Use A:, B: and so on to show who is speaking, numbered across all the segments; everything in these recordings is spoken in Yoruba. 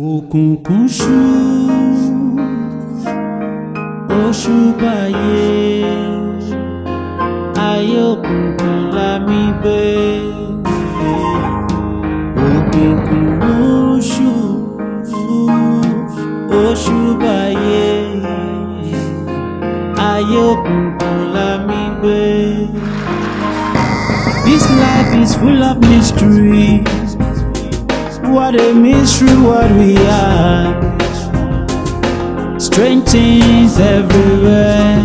A: òkùnkùn ṣú
B: o báyé ayé òkùnkùn la mi gbé òkùnkùn ṣú o báyé ayé òkùnkùn la mi be. This life is full of mystery. what a mystery what we are. Strange things everywhere.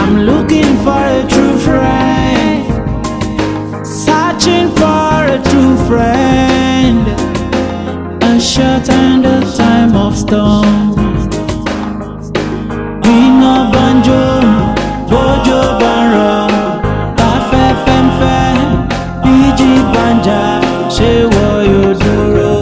B: I'm looking for a true friend, searching for a true friend. A short and a time of storm. banjo, bojo banro, cafe femfe, biji banjo. ṣé wọ́n yóò dúró.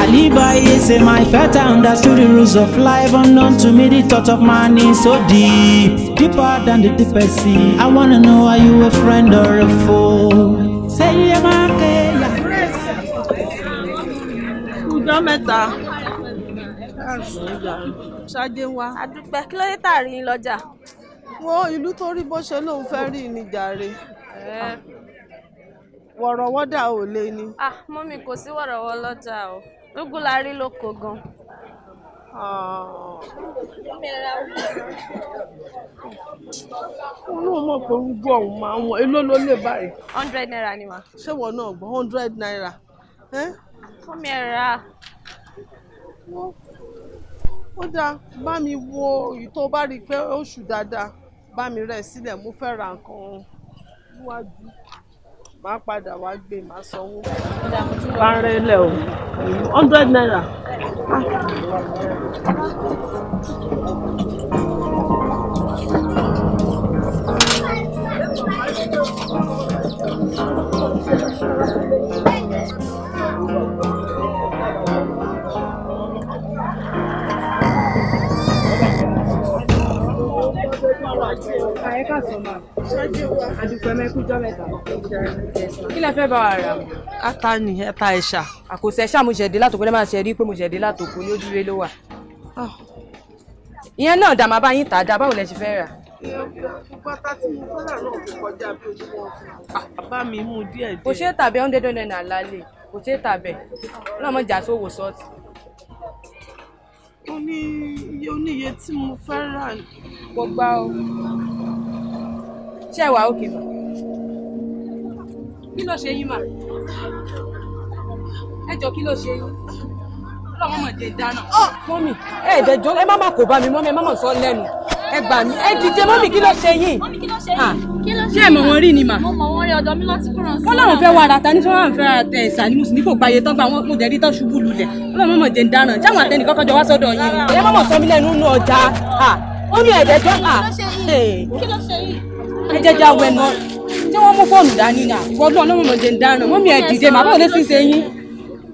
B: Alibaye say my faith I understood the rules of life unknown to me the thought of man is so deep deeper than the deepest sea I wanna know are you a friend or a foe. Say yé máa ké yà. Ọjọ́ mẹ́ta.
C: Ṣáde wa. Àdúpẹ́ kí ló dé tà rí lọ́jà. Wọ́n ìlú tó rí bó ṣe lóun fẹ́ rí ni jàre wọ̀rọ̀wọ́dà ò lé ni.
D: ah mọ́mí kò sí wọ̀rọ̀wọ́ lọ́jà o ugu la rí lóko gan.
C: inú mọ̀ pé ugu ọ̀hún máa ń wọ èló ló lè báyìí. hundred naira ni mà. ṣé wọn náà gbọ́ hundred naira. fúnmi ẹ̀ rà. ó dáa bá mi wo ìtò bá rí i pé oṣù dáadáa bá mi rẹ̀ sílẹ̀ mo fẹ́ ra nǹkan wájú máa padà wá gbé máa sanwó. parẹ́ lẹ̀ o hundred naira.
D: Thank ah. you. Ayé ká sọ ma. Àdùpẹ́ mẹ́kújọ́ mẹ́ta. Kí lẹ fẹ́ bá wa rà? Ata ni ata ẹ̀ṣà. Àkòsí ẹ̀ṣà mo ṣẹ̀dé látòkò lẹ́ẹ̀ máa ṣe rí pé mo ṣẹ̀dé látòkò ní ojúre ló wà. Ah. Ìyẹn náà dà bá yín tà dá báwo lẹ ṣe fẹ́ rà?
C: Bàtà tí mo fẹ́ rà náà kò kọjá bí ojú wọn fún mi. Bá mi mú díẹ̀ díẹ̀. Kò ṣe é
D: tàbí hundred naira lálẹ́, kò ṣe é tàbí. Ọlọ́mọ jà sówó sọ́ọ̀tì
C: ó ní iye oníye tí mo fẹ́ rà. mo gbá o
D: ṣé wà òkè mà kí ló ṣe yín mà ẹ jọ kí ló ṣe yín ọlọ́run mọ̀ jẹ́ dáná. Ah, mọ́mì ẹ ẹ̀ dẹjọ́ ẹ má má kó bá mi mọ́mì ẹ má mọ̀ sọ lẹ́nu ẹ gbà mí ẹ dìde mọ́mì kí ló ṣe yín. mọ́mì kí ló ṣe yín. Ah, ṣé ẹ mọ̀ wọ́n rí ni mà. mo mọ̀ wọ́n rí ọ̀dọ̀ mi lọ́ọ́ ti kúrò sí. ọlọ́run fẹ́ wà rata ní sọ́wọ́n fẹ́ rata ẹ̀sà ní mùsùlùmí kò gbayé tán gba àwọn mo dẹ̀rí tán ṣubú lulẹ̀ ọlọ́run mọ̀ jẹ́ dáná jáwọn àtẹnì kọ́kọ́ jọ wá sọ́dọ̀ yín. ẹ má mọ̀ sọ mí lẹ́nu nínú ọjà ah, ó ní ẹ̀dẹ́jọ́ ẹ̀jẹ̀jà wẹ̀ náà tí wọ́n mú fóònù dání náà ìwọ́dún ọlọ́run mọ̀ dáná mọ́mì ẹ̀ dìde màá bọ̀ lé sí ṣe yín.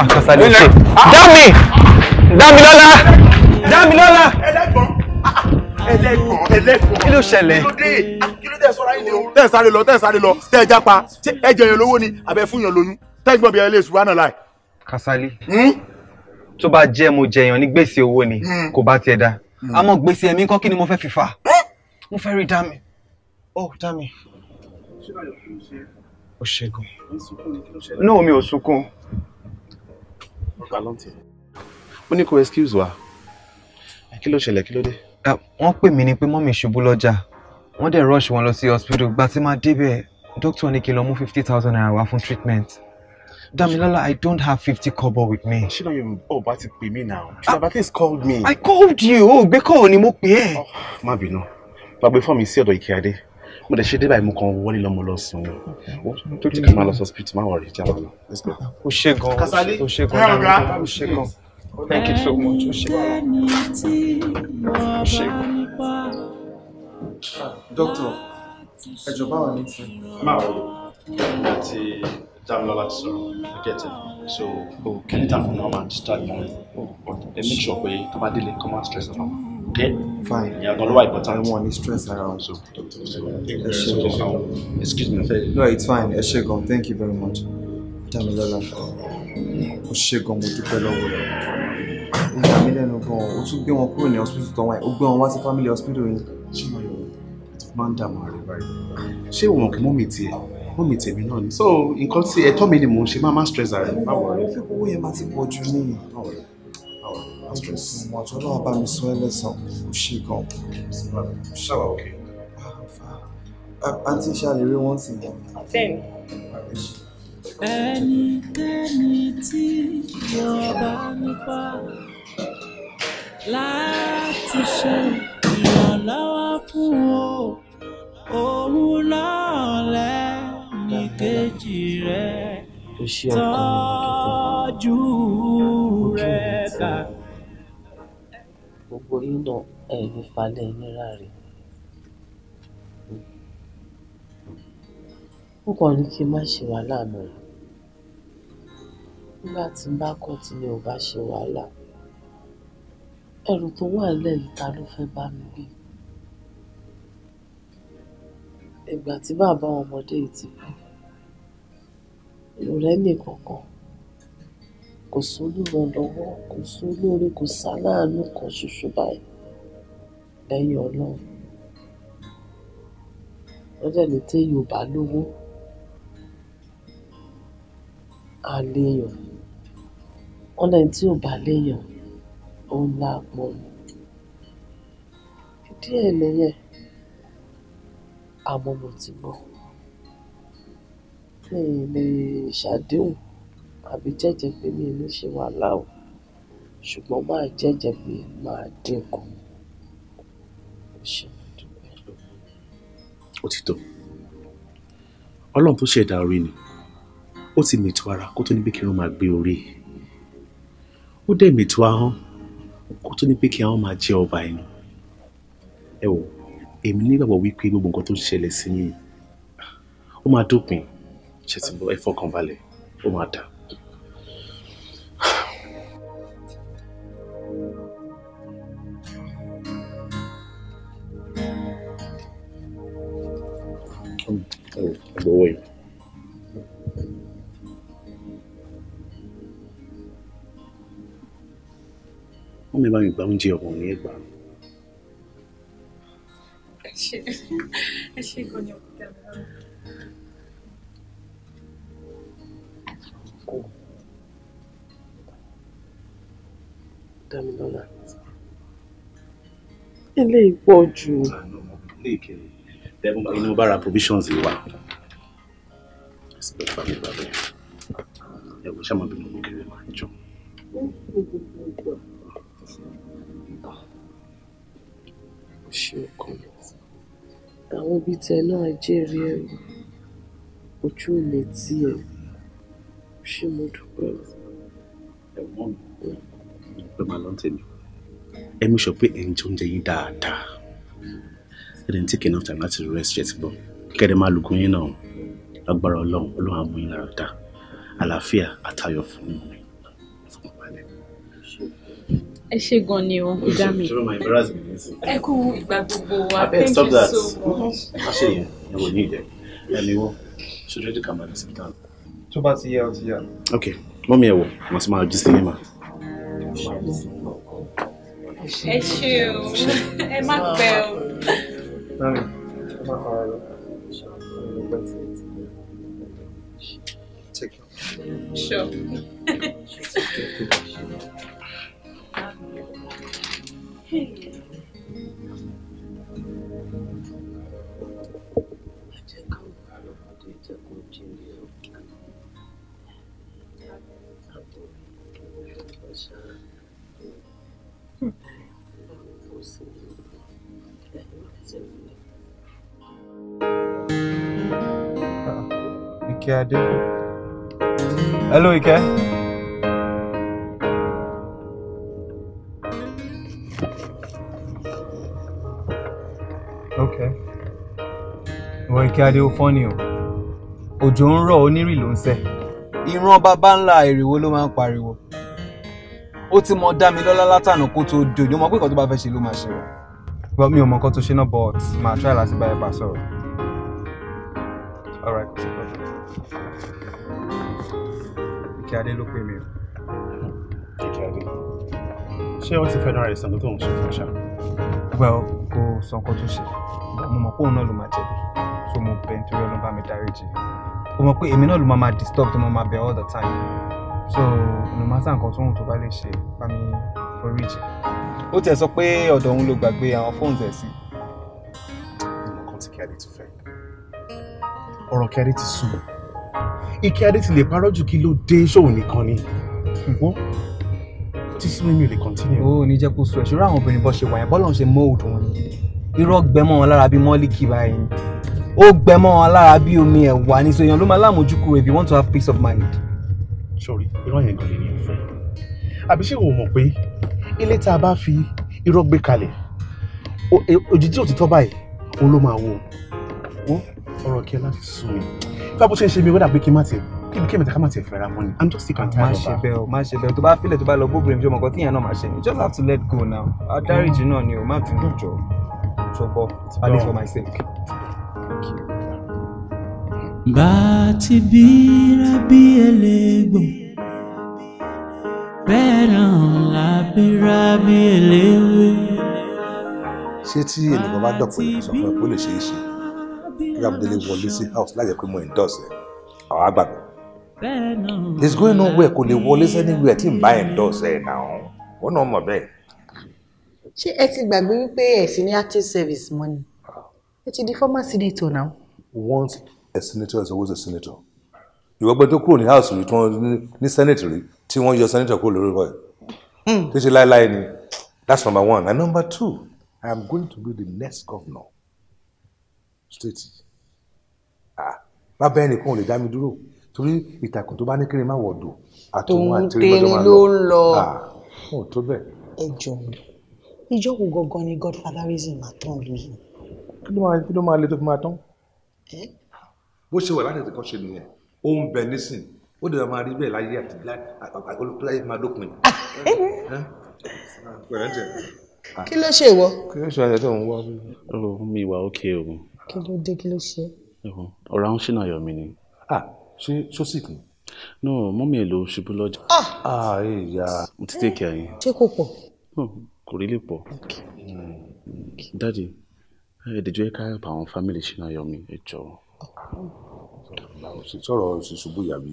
E: Akasale ṣe. Dami! Damilọ́lá! Damilọ́lá! Ẹlẹ́gbọ̀n! Ẹlẹ́gbọ̀n! Ẹlẹ́gbọ̀n! Kí ló ṣẹlẹ̀?
F: Kí ló dé ah, sọ́ra yìí ni o?
E: Tẹ́ ẹ sáré lọ, tẹ́ ẹ sáré lọ, tẹ́ ẹ jápa, ẹ jẹyàn lówó ni, àbẹ fún yàn lóyún, tẹ́ ẹ gbọ́n bí ẹ lè ṣùgbọ́n náà láì. Kasali. Hmm? Tó bá jẹ́ mo jẹyàn ní gbèsè owó ni, hmm. kò bá tiẹ̀ da. Hmm. Àmọ́ gbèsè ẹ̀mí kan kí ni mo fẹ́ fi fà? Mo fẹ́ rí Dami. Oh, Dami. Ṣé báyọ̀ fún ṣe? ó
F: náà mi ò sunkún.
E: mo ní kó excuse wa kí ló ṣẹlẹ̀ kí ló dé. Ah, wọ́n pè mí ni pé mọ́mì ṣubú lọ́jà wọ́n dẹ̀ rush wọn lọ sí hospital gba tí máa débẹ̀ doctor ní kí n lọ mú fifty thousand naira wá fún treatment. Damilola, I don't have fifty kobo with me. She know you oh but it be me now. She have at called me. I called you. Gbé call ni mo pè é. Oh,
F: má bínú. But before mi see ọ̀dọ̀ Ikeade mo dẹ̀ ṣe dé báyìí mo kàn wọlé lọ mo lọ sùn tó ti kà máa lọ sọ máa wọrí jẹ́
E: àwọn ọ̀nà. o ṣe gan o ṣe gan o ṣe gan thank you so much o ṣe gan o ṣe gan.
F: dókítà ẹjọ báwa ní ti. máa wọ àti Damilola ti sọ̀rọ̀ ẹgẹtẹ so anytime from now on start morning oh, but make sure pé tó bá délé come out stress about okay fine ìyẹn gan ló wà important. i wan ní stress around. wọn. so
E: ẹ excuse me. no it's fine ẹ ṣe gan thank you very much damilola ó ṣe gan mo dúpẹ́ lọ́wọ́ rẹ̀ nígbà mí We gan ó on gbé wọn kúrò ní hospital tó wáyé ó gbé wọn wá sí family hospital yìí. máa ń dààmú ààrẹ báyìí ṣé òun kì í mú mi tiẹ̀ mú mi tèmi náà ni so nǹkan tí ẹ̀tọ́ mi ni
F: mò ń ṣe má má stress ààrẹ.
E: ọ̀rẹ́ fipò owó yẹn máa ti pọ̀ jù nìyẹn thank you so much ọlọ́run bá mi sọ ẹ lẹ́sàn ó ṣe gan. ṣáà ok. àǹtí ah, ṣàlè rí wọ́n sì yẹn. ọ̀tẹ̀ mi.
B: ẹnikẹ́ni tí wọ́n bá nípa láti ṣe ìrànlọ́wọ́ fún o òun náà lẹ́ni kejì rẹ̀ tọ́jú rẹ̀ kà
C: nítorí náà ẹ fi falẹ̀ yín ráre. ó kàn ní kí n má ṣe wàhálà mọ́ ẹ nígbà tí n bá kọ́ tí mi ò bá ṣe wàhálà ẹrù tó wà lẹ́yìn ta ló fẹ́ bá mi gbé ìgbà tí bàbá ọmọdé yìí ti kú ìrẹ́nì kankan kò sólùrànlọ́wọ́ kò sólóore kò sáláàánú kan ṣoṣo báyìí lẹ́yìn ọlọ́run wọ́n dẹ̀ ní téèyàn ò bá lówó á léèyàn wọ́n lẹ́yìn tí ò bá léèyàn ó ń lá pọ́n ìdí ẹ̀ lẹ́yìn àmọ́ mo ti gbọ́ mi lè ṣàdéhùn àbí jẹ́jẹ̀ẹ́ pé mi ò ní ṣe wàhálà o ṣùgbọ́n máa jẹ́jẹ̀ẹ́ pé máa dínkù.
F: ó ti tó ọlọ́run tó ṣẹ̀dá orí ni ó ti mètò ara kó tó ní pé kí wọ́n máa gbé orí ó dẹ̀ mètò ahọ́n kó tó ní pé kí wọ́n máa jẹ ọba ẹnu ẹ wò èmi nígbàgbọ́ wípé gbogbo nǹkan tó ń ṣẹlẹ̀ sí yín ó máa dópin ṣètìlọ ẹ fọkàn balẹ̀ ó máa dáa. annoyed. Không biết bao nhiêu bóng chiều của nghĩa bạn.
A: a c t u a l a c t i a l l y còn h i ề u
C: Dámilọ́lá eléyìí pọ̀ jù. ilé ìkẹyìn
F: lẹ́gbọ̀n pé inú bára provisions yìí wà
C: ẹ̀sìnkẹ́fà mi bàbá yẹn
F: ẹ̀wọ̀n ṣáà máa bínú mú kiri máa jọ.
C: ṣé ọkàn mi àwọn ibi tẹ náà jẹ́rìí ẹ̀rù ojú ò lè tiẹ̀ ṣé mo dúpẹ́ ẹ̀wọ̀n
F: mi pé màá lọ tèmi ẹ mú sọ pé ẹ ń jẹ oúnjẹ yín dáadáa ẹ dẹ̀ ń take enough time láti rest ṣe ti gbọ́ kẹ́ẹ̀dẹ̀ máa lùkún yín náà lágbára ọlọ́run ọlọ́run á mú yín lára dá àlàáfíà àtayọ̀ fún mi
G: ẹ ṣe gan ni o ìdá mi ẹ kú ìgbà gbogbo wa thank you so much.
F: a ṣe yẹn ẹ wò ní ìdẹ ẹni wọ ṣojú ẹdí kàmá lọ sí ìdáná. tó bá ti yẹ ọ ti yà. ok mọ́mí ẹ̀ wọ̀ màá sì máa jí sí
C: É chiu, É Marcel.
A: Show. Show.
E: Ike Adeku. Hello, Ike. Okay. Ìwọ Ike Adeku fọ́nì o. Òjò ń rọ̀ onírì ló ń sẹ̀. Ìran bàbá ńlá èrèwó ló máa ń pariwo. Ó ti mọ dá mi lọ́lá látànà kó tó dòjò. Mo pé nǹkan bá fẹ́ ṣe ló máa ṣe o. Well, mi ò mọ̀ nǹkan tó ṣe náà but màá try láti bá ẹ bá sọ̀rọ̀. All right. kí adé ló pè mí o. kìkì adé ṣé ó ti fẹ́ràn rẹ̀ sàn tó ń ṣe fún ṣá. well kò sọ nǹkan tó ṣe mo mọ̀ pé òun náà ló máa jẹ̀bi so mo bẹ̀ nítorí ọlọ́run mi dáríjì o mọ̀ pé èmi náà ló máa máa disturb tó máa máa bẹ̀ all the time so no matter nǹkan tó ń tó bá lè ṣe bá mi forí jì. ó tiẹ̀ sọ pé ọ̀dọ̀ òun ló gbàgbé àwọn fóònù ẹ̀ sí. ìmọ̀ kan ti kí adé ti
F: ọ̀rọ̀ kí ti sùn ike adé ti lè parọ́ jù kí
E: ló dé ṣòun nìkan ni wọ́n tí sinmi mi ò lè continue. ó ní jẹ́ kó sọ ẹ̀ṣọ́ ráwọn obìnrin bọ́ ṣe wà yẹn bọ́lọ̀ ń ṣe mold wọn ni irọ́ gbẹmọ́ wọn lára bíi mọ́líkì báyìí ó gbẹmọ́ wọn lára bíi omi ẹ̀wà ní sọ èèyàn ló máa lámójúkúrò if you want to have peace of mind.
F: sọrí irọ́ yẹn gan lè ní ìfẹ́
E: àbí ṣé o mọ̀ pé
F: ilé tá a bá fi irọ́ gbé kalẹ̀ e, òjijì òtítọ́ báyìí òun ló máa wó ọ̀rọ̀ kí ẹ láti sú mi bá bó ṣe ṣe mi wọ́n dàbí kí n má tiẹ̀ kíbi kí èmìtẹ́ká má tiẹ̀
E: fẹ́ra wọn ni i'm just sick and tired of her. má ṣe bẹ́ẹ̀ o má ṣe bẹ́ẹ̀ o tó bá filẹ̀ tó bá lọ bóbìnrin fi ọmọ kan tíyẹn náà máa ṣe you just have to let go now adáríjì náà ni o má dùn jọ tó at least for my sake.
B: bá a ti bíra bí
H: elégbò bẹ́ẹ̀ náà la bíra bí eléwé. ṣé tí ènìyàn bá dọ̀pọ̀ ìsọ̀kan ó lè ṣeé ṣe kí Abdele wọlé sí house láyẹ̀ pé mo endorse ẹ̀ àwọn àgbàgbọ́.
B: it's going nowhere kò lè wọlé
H: anywhere tí n bá endorse ẹ̀ náà wọn náà mọ̀ bẹ́ẹ̀.
I: ṣé ẹ ti gbàgbé wípé ẹ ní active service money ẹ ti di former senator now.
H: once a senator is always a senator ìwọ gbọ́dọ̀ kúrò ní house rí tí wọ́n ní senate rí tí wọ́n yọ senator kúrò lórí rẹ̀ hmm. tí ṣe láéláé ni that's number one and number two i am going to be the next governor straight ah bàbá ẹnìkan ò lè dá mi dúró torí ìtàkùn tó bá ní kéré má wọ̀dọ̀ àtòun àti ìrẹ́gbẹ́jọ́ máa lọ ah wọn ò tó bẹ́ẹ̀. ẹ jọ̀ọ́
C: ìjọ wo gangan ni godfatherism máa tán lóyún. kí ló máa kí ló máa le tó fi
H: máa tán. bó ṣe wà láti ẹ̀kọ́ ṣe nìyẹn ó ń bẹ nísìn ó dẹ̀ máa rí bẹ́ẹ̀ láyé àti láyé máa dópin.
F: kí ló ṣe ìwọ. kí ló ṣe àyẹ̀tọ̀ òun wá. ó mi wà ókè o
H: kí
C: ló dé kí ló ṣe.
F: ọ̀rọ̀ àwọn ṣìnà ayọ̀ mi ni. ṣé sọ́sìk ni. no mọ́mí ẹ̀ ló ṣubú lọ́jà. Ah! àìyá. mo ti tẹ̀kẹ́ ayé. ṣé kò pọ̀. kò rí lè pọ̀. dáàdi ẹ̀ẹ́dẹ̀jọ́ ẹ̀ka ẹ̀pà àwọn fámìlì
H: ṣìnà ayọ̀ mi ẹ̀ jọ. sọ̀rọ̀ ṣùṣubú yàbí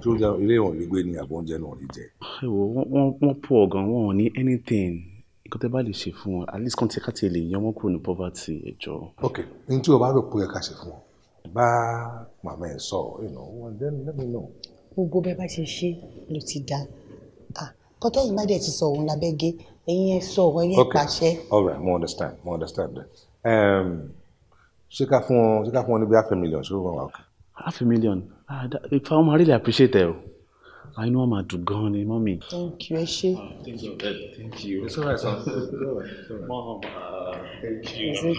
H: tó ilé ìwọ̀n lè gbé ní àbọ̀ oúnjẹ náà lè jẹ.
F: wọ́n pọ̀ gan-an wọn ò ní anything nǹkan tẹ́ bá lè ṣe fún wọn at least kàn tí ká lè yan wọn kúrò ní poverty ẹjọ. ok n tí o bá rò
H: pé ẹ ká ṣe fún ọ bá màmá ẹ sọ you know and then let me know. gbogbo
I: bẹ́ẹ̀ bá ṣe ṣe ló ti dáa kọ́tọ́ yìí má dẹ̀ ti sọ òun lábẹ́ gé ẹ sọ ọ̀rọ̀ yẹn pàṣẹ.
H: all right mo understand mo understand that. ṣé ká fún ọ ṣé ká fún ọ ní bí half a million ṣé ó wà ok. half a million ah that, if i wan really appreciate it
F: inú wọn máa dùn gan eh, mommy. thank you ẹ thank you it's alright sir it's alright it's alright. mom thank you i'm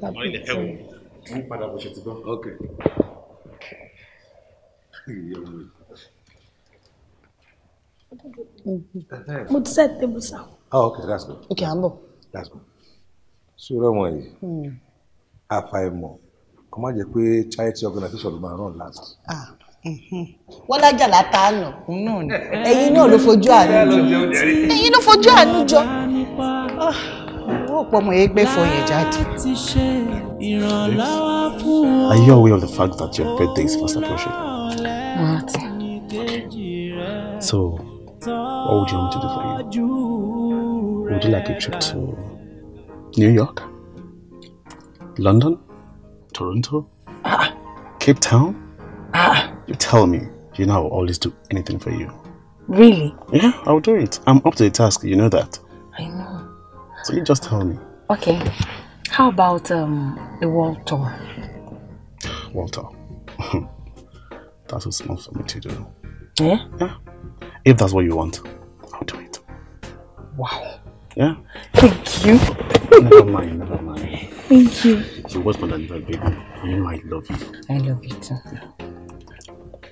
F: happy mọ ilẹ̀ ẹ̀ wò mo
H: ń padà bó ṣe ti gbọ́. ok. mo ti
G: set table sir.
H: oh okay that's good. okay à ń bọ̀. that's good. sùúrọ̀ wọn yìí hmm. àfàìmọ̀ kò má jẹ́ pé charity organization ló máa run last. ah
C: wọ́n
B: lájà látàánà ẹ̀yin náà ló
H: fojú àánú jọ
I: ẹ̀yin ló fojú àánú jọ
B: ó pọ̀ mọ̀ ẹgbẹ́ fọyín jáde. Are you
F: aware of the fact that your birthday is fast approaching?
B: What? Okay.
F: So, what would you want me to do for you? Would you like a trip to New York? London? Toronto? Ah. Cape Town? Ah. You tell me. You know I will always do anything for you. Really? Yeah, I'll do it. I'm up to the task, you know that. I know. So you just tell me.
D: Okay. How about um, a world
C: tour?
F: World tour? that's what's small for me to do. Yeah? Yeah. If that's what you want, I'll do it.
C: Wow. Yeah? Thank you.
F: never mind, never
C: mind. Thank you.
F: You was more than that, baby. You know I love you.
D: I love you too. Yeah.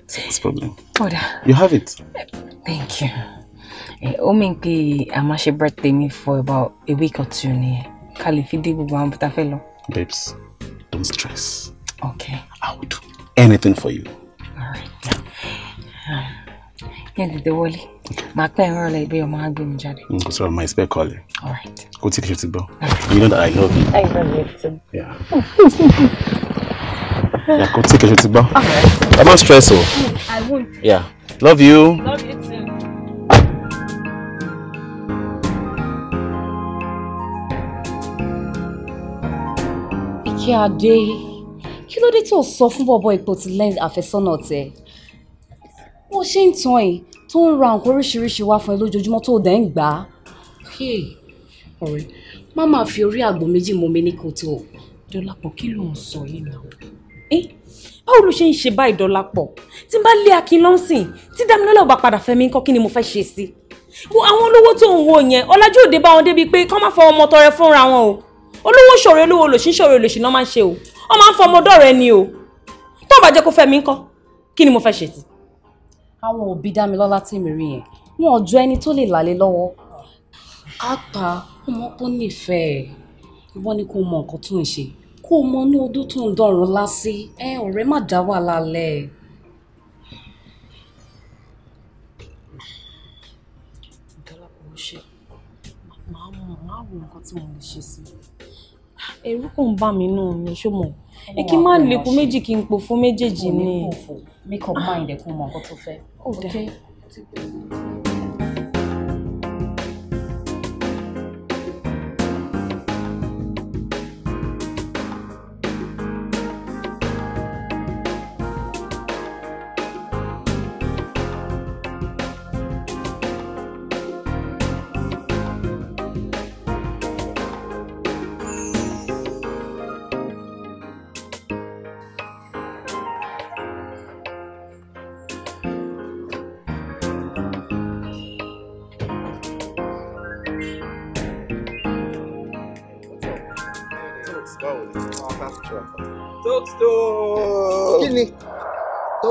F: Serious problem.
D: Oda. You have it. Thank you. Eh, ó mì pé actually máa ṣe birthday mi for about a week or two ni ká lè fi dé
F: babes don't stress.
D: okay. I will
F: do anything for you. alright.
D: yẹn the wọlé màá pẹ́ ẹ̀rọ ọ̀la your máa gbé mi jáde.
F: n mm, my spare call alright. Go ti ki i se you know that I love you.
C: I love you too. Yeah.
A: Yeah, go take it. All right. I'm not stressed. I oh. won't.
F: Yeah. Love you.
G: Love you too. Ike Ade, kí ló dé tí o sọ fún bọ̀bọ̀ ipò ti lẹ́yìn àfẹ́sọ́nà tẹ? Wọ́n ṣe ń tan ẹ̀ tó ń ra nǹkan oríṣiríṣi wá fún ẹ lójoojúmọ́ tó dẹ̀ ń gbà á. Ọ̀rẹ́, má máa fi orí àgbò méjì mú mi ní kòtò. Dọ́lápọ̀ kí ló ń sọ yìí náà? Eh, báwo ló ṣe ń ṣe báyìí Dọlápọ̀ tí n bá lé Akin lọ́sìn
D: tí Dámilọ́lá ò bá padà fẹ́ mi ńkọ́ kí ni mo fẹ́ ṣe sí i àwọn olówó tó ń wo yẹn ọ̀làjú òde bá wọn débi pé kán má fọ ọmọ tọrẹ fúnra wọn o olówó ṣòro olówó lòṣì ṣòro lòṣì náà máa ń ṣe o wọn máa ń fọ ọmọ dọ̀rẹ́ ni o tó bá jẹ́ kó fẹ́ mi ńkọ́ kí ni mo fẹ́ ṣe sí i.
G: àwọn òbí Dámilọ́lá tí mi rí yẹn wọn ò jọ ẹni tó lè làlé lọ́wọ́ á pa ọmọ tó nífẹ̀ẹ́ ìwọ ni kò mọ nǹkan tó ń ṣe kó o mọ inú odó tó ń dọ̀rùn lásì ẹ ọ̀rẹ́ má dá wà lálẹ́ ẹ̀.
D: ìdálàpọ̀ ṣe máa mọ máa wò nǹkan tí mo lè ṣe sí i. ẹ̀rù kò ń bà mí nù mí ṣó
G: ẹ kí n má lekun
D: méjì kí n pò fún méjèèjì ni. make up mind ẹ kó mọ nǹkan tó fẹ́.
G: ó dẹ́.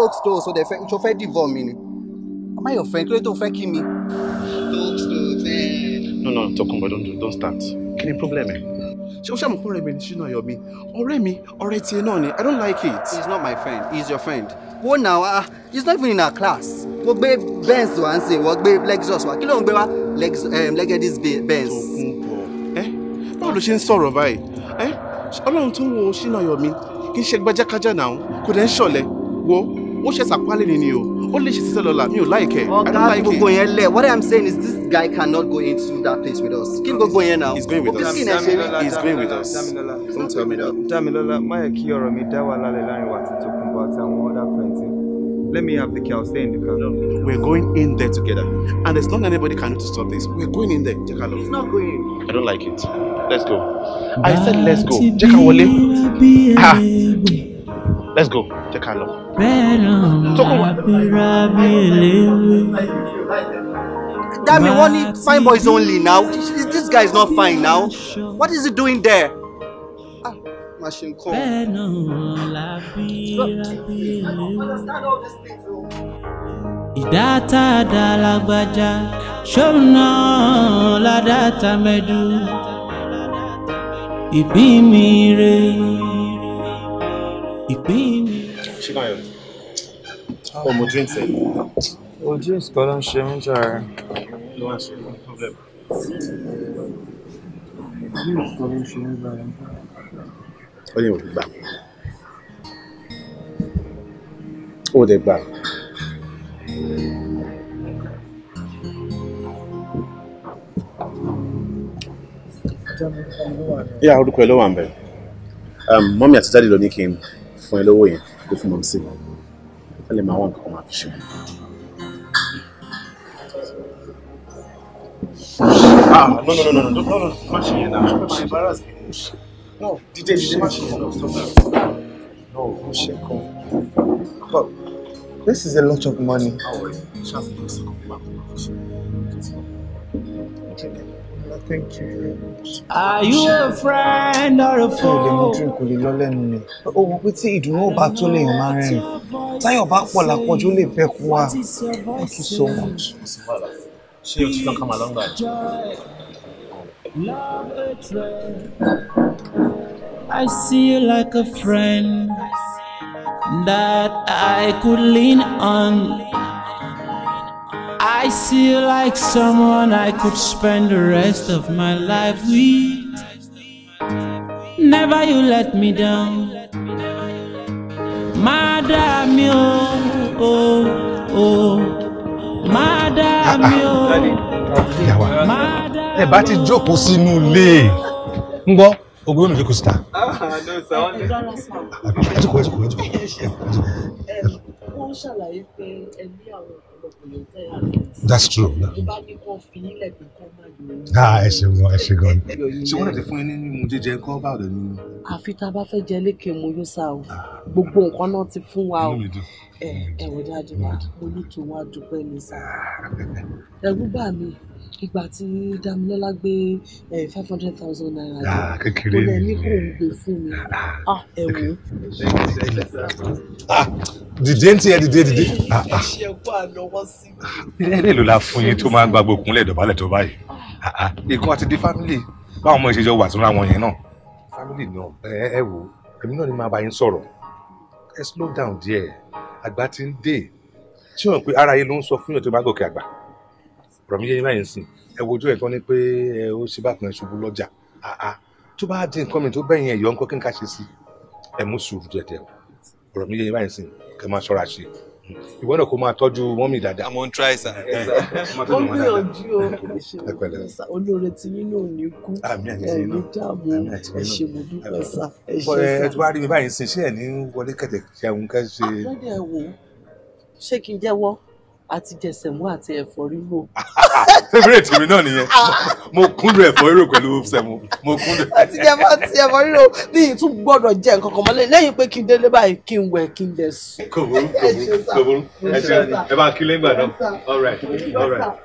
E: Talkstore so fẹ́ tó fẹ́ divorce mi ni am your friend kí tó fẹ́ kí mi. Talkstore
F: fẹ́. no no Tokunbo don't do don't start kí problem ẹ. ṣé o ṣe àmọ̀kún rẹ̀ mi ní ṣínà yọ mi ọ̀rẹ́ mi
E: ọ̀rẹ́ tiẹ̀ náà ni I don't like it. he is not my friend he is your friend. wo na wa ah, he is not even in our class. mo gbé Benz wa ń sìn wọ́n gbé Lexus wa kí ló ń gbé wa Lexus um, Benz. Tokunbo ẹ eh? báwo ló ṣe ń sọ̀rọ̀ báyìí ẹ eh? ọlọ́run tó ń
F: wo ṣínà yọ mi kì í ṣe gbajakaja náà kò dẹ̀ ń ṣọ̀lẹ̀ wo ó ṣe sàpálẹ̀ ni ni o ó lè ṣe
E: sísẹ́ lọ́la mi ò láìkẹ́ i don't like it. ọ̀gá gbogbo yẹn lẹ̀ what i'm saying is this guy cannot go into that place with us kí gbogbo yẹn náà he's going with us he's going with us don't tell me that. Damilola má yẹ kí ọ̀rọ̀ mi dá wàhálà lẹ̀ láàrin wa àti Tokunbo àti àwọn other friends yẹn. Let me have the car. I'll stay in the car. No, we're going in there together. And there's not anybody can do to stop this. We're going in there, Jekalo. It's not
F: going. I don't like it. Let's go. I said let's go. Jekawole. Ah. Let's go, Jekalo.
B: Dami, what is fine boys only now?
E: This guy is not fine now. What is he doing there? Ah, machine come. I
B: understand all these things. Ìdáta dàlágbájá, ṣọ́nà ládàtà mẹ́dù, ìbí mi rè,
E: ìpín mi ṣé báyọ̀ ni. ọ mo drinks ẹ. o drinks kọ́ ló ń ṣe mí jàre. ló wá ṣe no
A: problem. drinks
E: kọ́ ló ń ṣe mí jàre.
F: ó ní òkú gbà. ó dẹ̀ gbà. yà kó fún mọ̀ sí ẹ lè máa wá nǹkan kan máa fi ṣe. Ah, no, no, no, no, no, no, no, má ṣe yẹn náà, má embarrass me. No, dídé dídé má ṣe yẹn náà, stop that. No, no, ṣe kan. But this is a lot of money. Àwọn ẹ̀ ṣáà fi lọ sí ọkọ̀ pàápàá. Okay, then
E: thank you very much. Are you a friend or a foe? Ẹ lè mú drink olè lọ lẹ́nu mi. Ó wọ pé tí ìdùnnú ò bá tó lèèyàn máa rìn. Táyọ̀ bá pọ̀ lápọ̀jù ó lè fẹ́ kú wa. Thank you so much.
F: Ṣé o ti lọ kàmá lọ́ngbà
B: I see you like a friend that I could lean on. I see you like someone I could spend the rest of my life with. Never you let me down. Madam, yo, oh,
H: oh.
B: Madam,
H: yo. Ẹ bá ti oh. jókòó sínú ilé. Ń gbọ́, ogun yóò mi jókòó síta. Ẹ
A: jókòó, ẹ jókòó, ẹ jókòó.
H: Wọ́n ṣàlàyé pé ẹbí àwọn that's true. ah I see. gan ẹ ṣe gan. ṣé wọ́n ti fún ẹ nínú ìmú jíjẹ ńkọ́ bá ọ̀dọ̀ nínú.
C: àfi tá a bá fẹ́ jẹ lékè mu yóò sá o ah. gbogbo nǹkan náà ti fún wa o ẹ ẹ wò dáadé wa mo ní kí n wá dúpẹ́ mi sá ẹ̀rù bà ìgbà tí Damilọ́lá gbé eh, five hundred thousand naira jọ mo ah, lẹ ní kò ń gbé fún mi ah, ah. ẹ̀wọ̀n.
H: dìde ntí ẹ dìde dìde. iṣẹ́ kó àlọ́wọ́ sí mi. Eh, ẹ̀rẹ́ ló la fún yín tó máa ń gbàgbọ́ òkúnlẹ̀ ìdọ̀bálẹ̀ tó báyìí. ìkan àti di fámìlì báwọn ọmọ ìṣèjọ wà sínú àwọn yẹn náà. fámìlì náà ẹ wò èmi náà ni máa bá yín sọ̀rọ̀ ẹ slow down díẹ̀ àgbà ti ń dé ṣé wọn pe ara yẹn ló ń sọ fún yàn tó bá gòkè àgbà ọ̀rọ̀ mi yé báyìí sìn ẹ wojú ẹ̀ tán ni pé ẹ ó ṣe bákan ṣubú lọ́jà àá tó bá di nǹkan mi tó bẹ̀yìn ẹ̀yọ́ nǹkan kí n ká ṣe sí ẹ mú sùúrù dẹ̀dẹ̀ o ọ̀rọ̀ mi yé báyìí sìn kẹ máa ṣọ́ra ṣe ìwọ náà kó máa tọ́jú mọ́mì dáadáa. àmọ́ ń tíráì sà. ó gbìyànjú
C: o olóore tí yín náà kú
H: ẹ̀mí dààmú ẹ̀ṣẹ̀mú dúpẹ́ sà. ẹ ti wá rí mi báyìí sìn ṣé ẹ ní wọlé kẹ̀tẹ̀ ṣẹun kẹ́ ṣe.
C: àlọ́dẹ̀ wò ṣé kí n jẹ́wọ́ àti jẹsẹmú àti ẹ̀fọ́ rírò.
H: favourite mi náà nìyẹn ah. mo kúndùn ẹ̀fọ́ rírò pẹ̀lú sẹmú mo kúndùn. àti jẹmọ àti
C: ẹ̀fọ́ rírò ní ìtún gbọ́dọ̀ jẹ nǹkan kan mọ́lẹ̀ lẹ́yìn pé kí n délé báyìí kí n wẹ̀ kí n dẹ sùn. kòbórú kòbórú
H: kòbórú ẹ ṣe ẹ bá kí lẹ́gbàá náà all right all right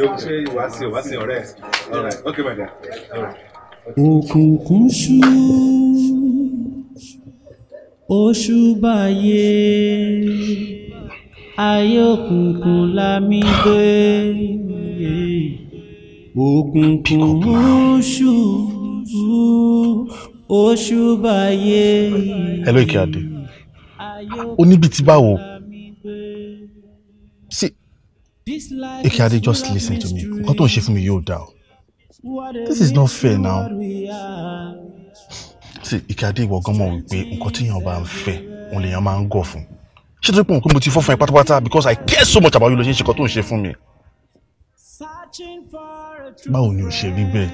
H: yóò ṣe ìwàásí ìwàásí ọ̀rẹ́ all right okay my dear all right.
B: òkùnkùn ṣú oṣù báyé ayé òkùnkùn la mi gbé òkùnkùn oṣù oṣù báyé.
F: hello Ikeade oníbi tí báwo
B: sí Ikeade just listen to me nǹkan tó ń ṣe fún mi yóò dá o this is not fair now
F: sí Ikeade ìwọ gan mọ̀ wípé nǹkan tí èèyàn bá ń fẹ́ òun lèèyàn máa ń gọ̀ fún ṣé tó pọ̀ pé mo ti fọ́ fún ẹ pátápátá because I care so much about you ló ṣe ń ṣe kan tó ń ṣe fún mi. báwo ni o ṣe rí bẹ́ẹ̀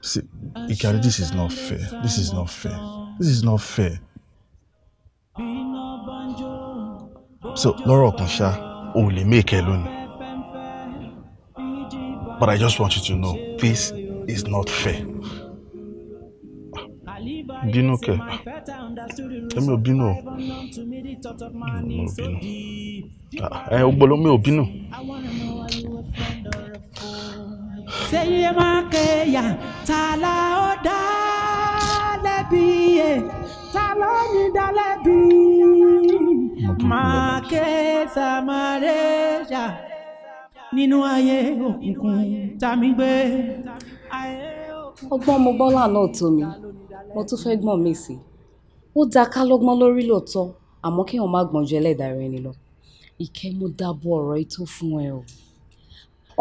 F: ṣe Ikare this is not fair this is not fair this is not fair. so lọ́rọ̀ kan ṣá o ò lè make ẹ lónìí but I just want you to know this is not fair bínú kẹ èmi ò bínú o ah, eh, mi ò bínú ẹ gbọ́dọ̀ eh. mi ò bínú.
B: sẹ́yìn máa kẹyà ta la ó dá lẹ́bi ẹ̀ ta ló ní dá lẹ́bi máa ké
G: samareja nínú ayé òkùnkùn tá mi gbé. ọgbọ́n mo gbọ́ lànà tó mi mo tún fẹ́ gbọ́n mi sí ó dáa ká lọ́gbọ́n lórí lóòótọ́ àmọ́ kéèyàn má gbọ́n ju ẹlẹ́dàá rẹ ni lọ ìkẹ́ mo dábọ̀ ọ̀rọ̀ yìí tó fún ẹ o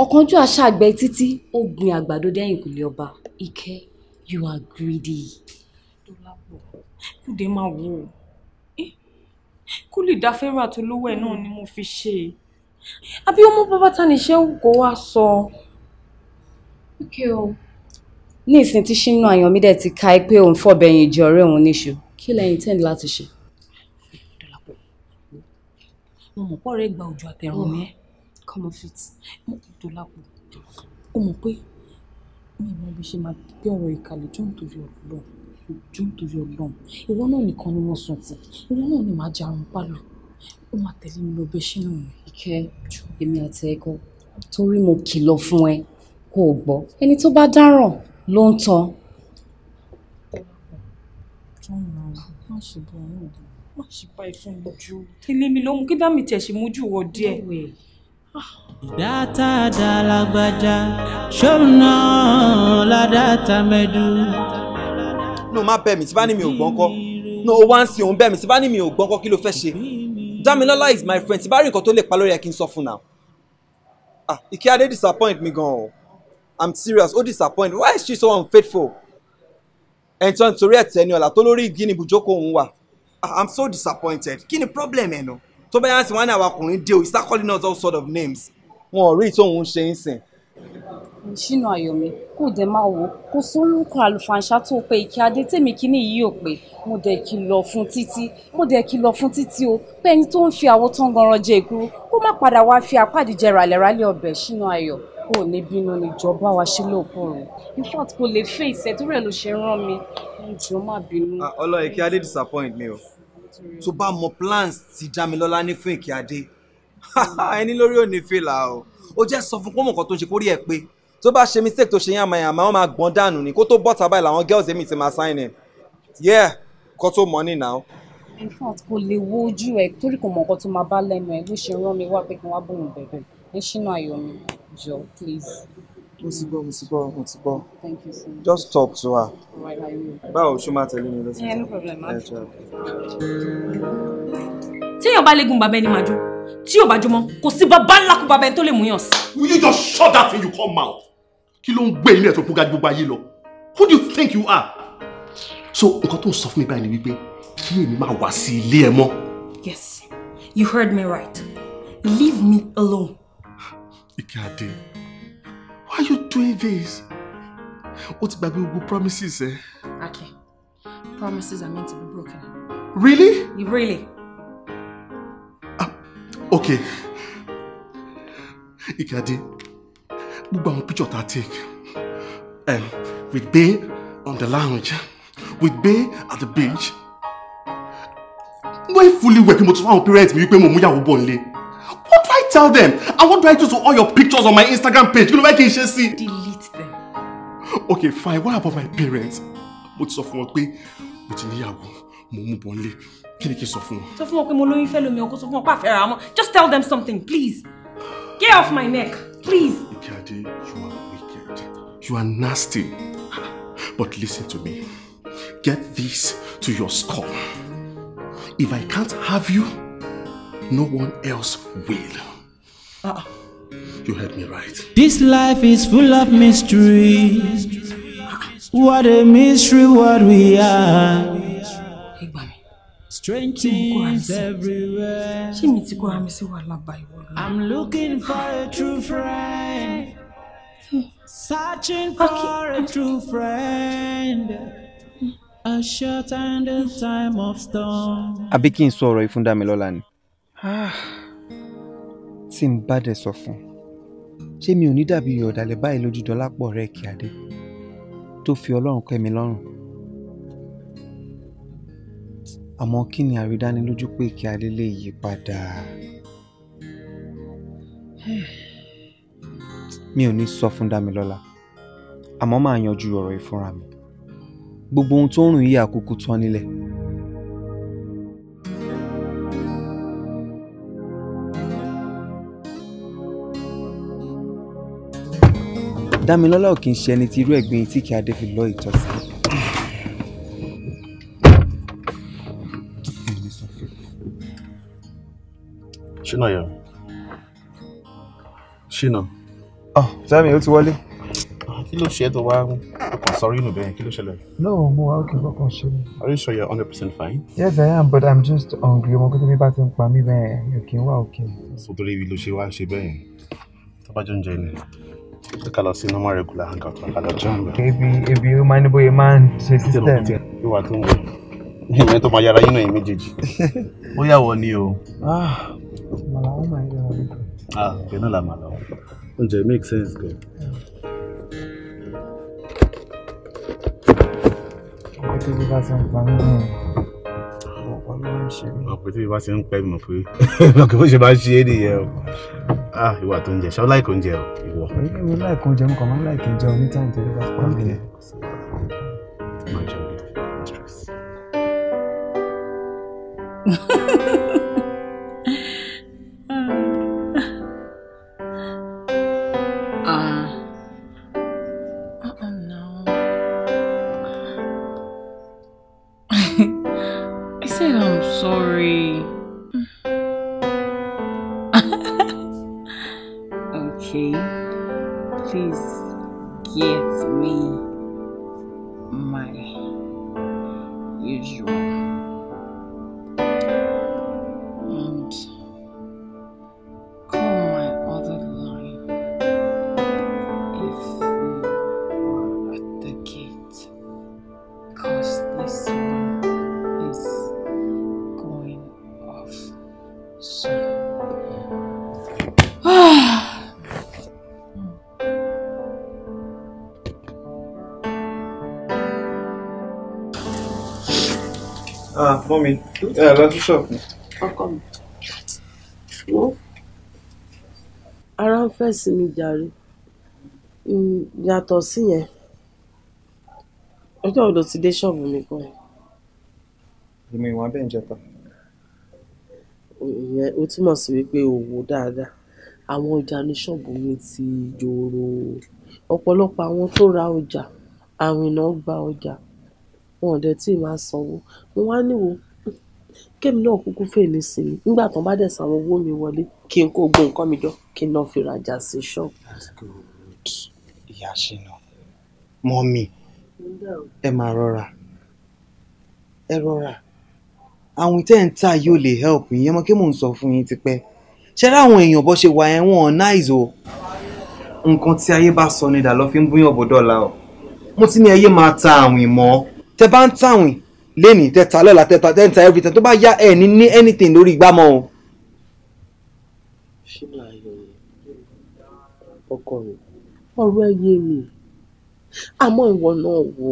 G: ọ̀kánjú àṣàgbẹ títí ó gbin àgbàdo dẹ́yìn kùlé ọba ìkẹ́ you are greedy. dọ́lápọ̀ kúdé máa wò ó kó lè dá fẹ́ràn àtolówó ẹ̀ náà ni mo fi ṣe é àbí ọmọ bàbá ta níṣẹ́ kó wá sọ. okay o. Oh ní ìsìn tí Ṣínà Àyànmí dẹ̀ ti ka ẹ pé òun fọ̀bẹ̀yìn ìjọ ọ̀rẹ́ òun níṣu kí lẹ́yìn tẹ́ni láti ṣe. mo mọ̀ pọ̀ rẹ̀ gba òjò àtẹ̀rùn mi ẹ́ come off it mo kò tó lápò ó mọ̀ pé mi ò mọ bí ṣe máa gbé ọ̀rọ̀ ìkàlẹ̀ jọ́ nítorí ọlọ́run jọ́ nítorí ọlọ́run ìwọ náà nìkan ni mo sùn tì ìwọ náà ni màá jarun pálọ̀ ó máa tẹ̀lé mi lọ bẹ Ṣínà mi. ìkẹ́ èmi àti ẹ̀kọ́ torí mo kìlọ̀ fún ẹ kó o gbọ́ ẹni tó bá dáràn ló ń tan.
D: má ṣe bá ẹ lójú tẹlẹ mi lọmú kí dámì tẹ̀ ṣe wọ
B: díẹ̀. ìdáta dàlágbájá ṣọ́nà
E: ládàtà mẹ́dù. nù má bẹ̀ mí tí bá ní mi ò gbọ́n kọ́ nù ó wá ń sin òun bẹ̀ mí tí bá ní mi ò gbọ́n kọ́ kí ló fẹ́ ṣe Damilola is my friend tí bá rí nǹkan tó lè pa lórí ẹ kí n sọ fún un náà. ah Ike Ade disappoint mi gan-an o i'm serious ó disappoint why is she so unfaithful ẹni torí ẹ̀tẹ́ ni ọ̀la tó lórí igi ni ibùjókò òun wà ah, i'm so disappointed kí ni problem ẹ̀ nà tó bá yára sí wọn ní àwọn ọkùnrin dé o he start calling us all sort of names wọn ò rí ìtòhún ṣe ń sìn
G: ṣínà àyọ̀mí kò dẹ̀ máa wò kò sórúkọ àlùfàǹṣá tó pe ìkí adé tèmi kínní yìí ò pé mo dẹ̀ kìlọ̀ fún títí mo dẹ̀ kìlọ̀ fún títí o pé ẹni tó ń fi àwo tán ganran jẹ ìkúrú kó má padà wá fi apá àdìjẹ ràlẹ̀ ọbẹ̀ ṣínà àyọ̀ kò ní bínú ni ìjọba wa ṣe lóòpọ̀ rẹ̀ in fact kò lè fẹ́ ìṣẹ́jú rẹ̀ ló ṣe rán mi ìjọ má bínú. Ah, ọlọ́run ìkí adé
E: disappoint mi o tó bá mọ plans ti Dámilọ́lá ní fún ìkí adé ẹni lórí ò ní fìlà o ó jẹ́ sọ fún pọ́nmọ̀ kan tó ń ṣe kórìí ẹ̀ pé tó bá ṣe mistake tó ṣe yín àmàyàn àmà wọn máa gbọ́n dànù ni kó tó bọ́ tábà làwọn girls èmi ti máa sign in yeah kó tó mọ́ ní now.
G: in fact kò lè wo ojú ẹ torí kò mọ nǹkan tó máa bá lẹ́nu ẹ ló ṣe rán mi wá pé kí wọ́n bóun bẹ̀bẹ̀ pé Ṣínà Ayọ̀mí jọ please.
E: mo ti gbọ́ mo ti gbọ́ mo ti gbọ́ thank you so much just talk to her. báwo ṣó máa tẹ̀lé mi lọ́sẹ̀. ẹ no problem ma.
D: téèyàn bá léegun bàbá ẹni máa jó tí yóò bá jó mọ́ kò sí bàbá ńlá kó bàbá ẹni tó lè mú yàn sí. will you just shut that thing you call mouth kí ló ń gbé inú
F: ẹ̀ tó kú gadi gbogbo ayé lọ who do you think you are. so nǹkan tó ń sọ fún mi báyìí ni wípé kí èmi máa wá sí ilé ẹ mọ́.
D: yes you heard me right leave me alone. Ikeade, why are you doing this?
F: What ti gbàgbé promises Eh?
D: Okay, promises are meant to be broken. Really? You really?
F: Uh, okay. Ikeade, gbogbo àwọn picture that take um, with Bay on the lounge with Bay at the beach. Why fully wẹ̀ kí mo tún fún àwọn parents mi wípé mo mú ìyàwó bọ̀ What do I tell them? And what do I do to all your pictures on my Instagram page? You know what I í see? Delete them. Okay, fine. What about my parents? But ti sọ fún wọn pé mo ti níyàwó, mo mú bọ̀ nílé. Kí ni kí n sọ fún wọn?
D: Sọ fún mo lóyún fẹ́ lómi ọkọ, sọ fún wọn pé àfẹ́ra mọ́. Just tell them something, please. Get off my neck, please. Ikade, you are
F: wicked. You are nasty. But listen to me. Get this to your skull. If I can't have you, no one else will. Uh You heard me right.
B: This life is full of mystery. What a mystery what we are. Strange things everywhere. I'm looking for a true friend. Searching for a true friend. A short and a time of storm.
E: Àbí kí n sọ ọ̀rọ̀ ìfúndàmílọ́lá ni. Ah. tí n bá dẹ̀ sọ fún un ṣé mi ò ní dàbí ọ̀dàlẹ̀ báyìí lójú Dọlápọ̀ ọ̀rẹ́ Kíadé tó fi Ọlọ́run kẹ́ mi lọ́rùn àmọ́ kí ni àrídánilójú pé Kíadé lè yí padà mi ò ní sọ fún Dámilọ́lá àmọ́ màá yanjú ọ̀rọ̀ ìfúnra mi gbogbo ohun tó ń rùn yí àkókò tán nílẹ̀. Dámilọ́lá ò kì í ṣe ẹni tí irú ẹ̀gbin tí kí adé fi lọ ìtọ́sí. ṣínà yẹn ṣínà. ọ ah, sami ó ti wọlé. Ah, kí ló ṣe
F: é tó wá kàn sọrí inú bẹ́ẹ̀ kí ló ṣẹlẹ̀.
E: no mo wá òkè kọkàn ṣe.
F: are you sure you are hundred percent fine.
E: yes i am but i'm just hungry ọmọ kótó mi bá ti ń pa mí bẹ́ẹ̀ mi ò kì í wá òkè.
F: sọtọ́lẹ́wì ló ṣe wá ṣe bẹ́ẹ̀ tábàjọ́ ń jẹ ilẹ̀ ẹ ká lọ sí normal regular hangout ẹ ká lọ
E: jẹun bẹ́ẹ̀. ebi ebi ó máa ń ní bóyá máa ń ṣe system.
F: ìwà tó ń wọ ìwé tó máa yára yín náà yín méjèèjì. ó yà wọ ni o. Ah, màlá ó máa ah ìgbẹ́ náà la máa lọ. oúnjẹ make sense gan.
E: ọmọ tó bí bá sọ
F: máa ń ṣe mí. ọ̀pẹ tí bí bá ti ń pẹ́ mi mọ̀ pé ọ̀kẹ́ bó ṣe máa ń ṣe é nìyẹn o. ah ìwà tó ń jẹ ṣáà láìkó ń jẹ o ìwọ. èyí
E: mo láìkó ń jẹ mo máa ń láìkó ń jẹ oní táwọn tẹ̀lé bá pa mí ni.
F: máa jẹun
G: okay please get me my usual
E: ẹ lọ sí ṣọ́ọ̀bù. ọkọ mi wo
C: ara ń fẹ́ sí mi jàre mm, yàtọ̀ síyẹn ọjọ́ òdo ti dé ṣọ́ọ̀bù mi kan.
E: ìmọ̀ ìwọ̀n abẹ́ ìjọba.
C: ìyẹn o túmọ̀ sí wípé òwò dáadáa àwọn ọjà ní ṣọ́ọ̀bù mi ti yòòrò ọ̀pọ̀lọpọ̀ àwọn tó ra ọjà àwìn náà gba ọjà wọn ò dẹ̀ tí ì máa sanwó mo wá níwò kémi náà kúkú fèmí sí mi nígbà tó bá dẹ̀ san owó mi wọlé kí n kó gbé nǹkan mi jọ kí n náà fi rajà sí
E: ṣọ́ọ̀bù. ìyá ẹ máa rọra ẹ rọra àwọn tẹ́ ń ta yóò lè help yín ẹ mọ̀ kí mò ń sọ fún yín tipẹ́ ṣé láwọn èèyàn bó ṣe wà ẹ̀ wọ́n náìs o nǹkan tí ayé bá sọ ni dà lọ́ fi ń búyàn bọ́dọ̀ la o mo ti ní ẹyẹ máa ta àwìn mọ́ tẹ bá ń tàwìn lẹ́nì tẹ́ta lọ́la tẹ́ta tẹ́ta everything tó bá yá ẹ̀ ní ní anything lórí igbá mọ́ o.
C: ọkọ rẹ ọ̀rọ̀ ẹ yé mi àmọ́ ìwọ náà wò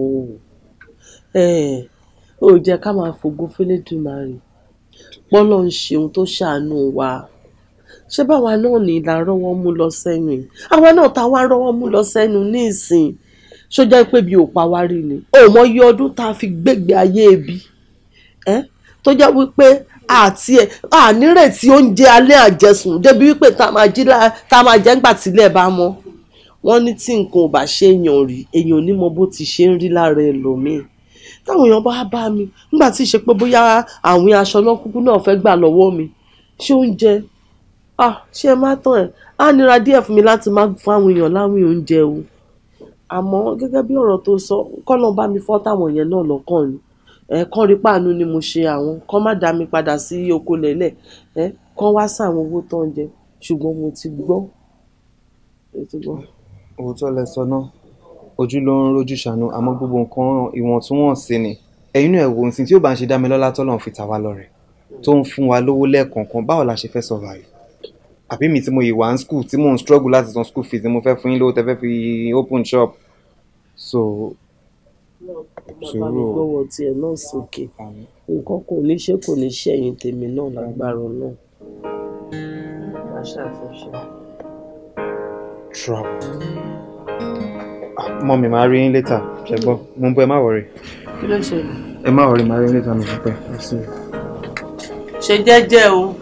C: ó ò jẹ́ ká máa fògo fẹ́lẹ́dùmarè pọ́nlọ́ ń ṣeun tó ṣàánú wa ṣé báwa náà ní ìlà rọ́wọ́ mú lọ sẹ́nu àwa náà táwa rọ́wọ́ mú lọ sẹ́nu ní ìsìn sójà pé bí ò pa wá rí ni òmò yí ọdún tá a fi gbègbè ayé ebi tó jẹ́ wípé àti ẹ̀ ànírètí oúnjẹ alẹ́ àjẹsùn débi wípé tá a máa jẹ́ ńgbà tílẹ̀ bá mọ́ wọ́n ní tí nǹkan ò bá ṣe èèyàn rí èèyàn ò ní mọ bó ti ṣe ń rí lára ẹlòmíì táwọn èèyàn bá bá mi nígbà tí ìṣe pé bóyá àwìn aṣọ náà kúkú náà fẹ́ gbà lọ́wọ́ mi ṣé oúnjẹ ṣé ẹ má tán ẹ̀ á nira díẹ̀ fún mi láti má fún àwọn èèyàn láwìn oúnjẹ o àmọ́ gẹ́gẹ́ bí ọ̀rọ̀ tó sọ kọ́lọ́n bá mi fọ́ táwọn yẹn náà lọ́kàn ni kán rí páànù ni mo ṣe àwọn kán má dá mi padà sí oko lẹ́lẹ̀ kán wá sáwọn owó tó ń jẹ ṣùgbọ́n mo ti gbọ́.
E: òótọ́ lẹ sọ náà ojú ló ń rojú ṣàánú àmọ́ gbogbo nǹkan ìwọ̀ntúnwọ̀nsí ni ẹ̀yin náà wò ó sí tí ó bá ń ṣe Dámilọ́lá tọ́lọ́ fi tà wá lọ́rẹ tó ń fún wa lówó lẹ́ẹ̀kọ̀ọ̀kan báwo la ṣe fẹ́ survive àbí mi tí mo yìí wà ní school tí mò ń struggle láti san school fees mo fẹ́ fún yín lówó tẹ́ fẹ́ fi open shop so sùúrù o lọ́wọ́
C: tiẹ̀ náà sókè nǹkan kò ní ṣe kò ní ṣẹ̀yìn tèmi náà lágbára náà.
E: trouble mọ mi máa rí yín later ṣẹgbọn mo ń bọ̀ ẹ má wọrí. kí ló ṣe. ẹ má wọrí máa rí yín later mi ń pẹ.
C: ṣe jẹ́jẹ́ o.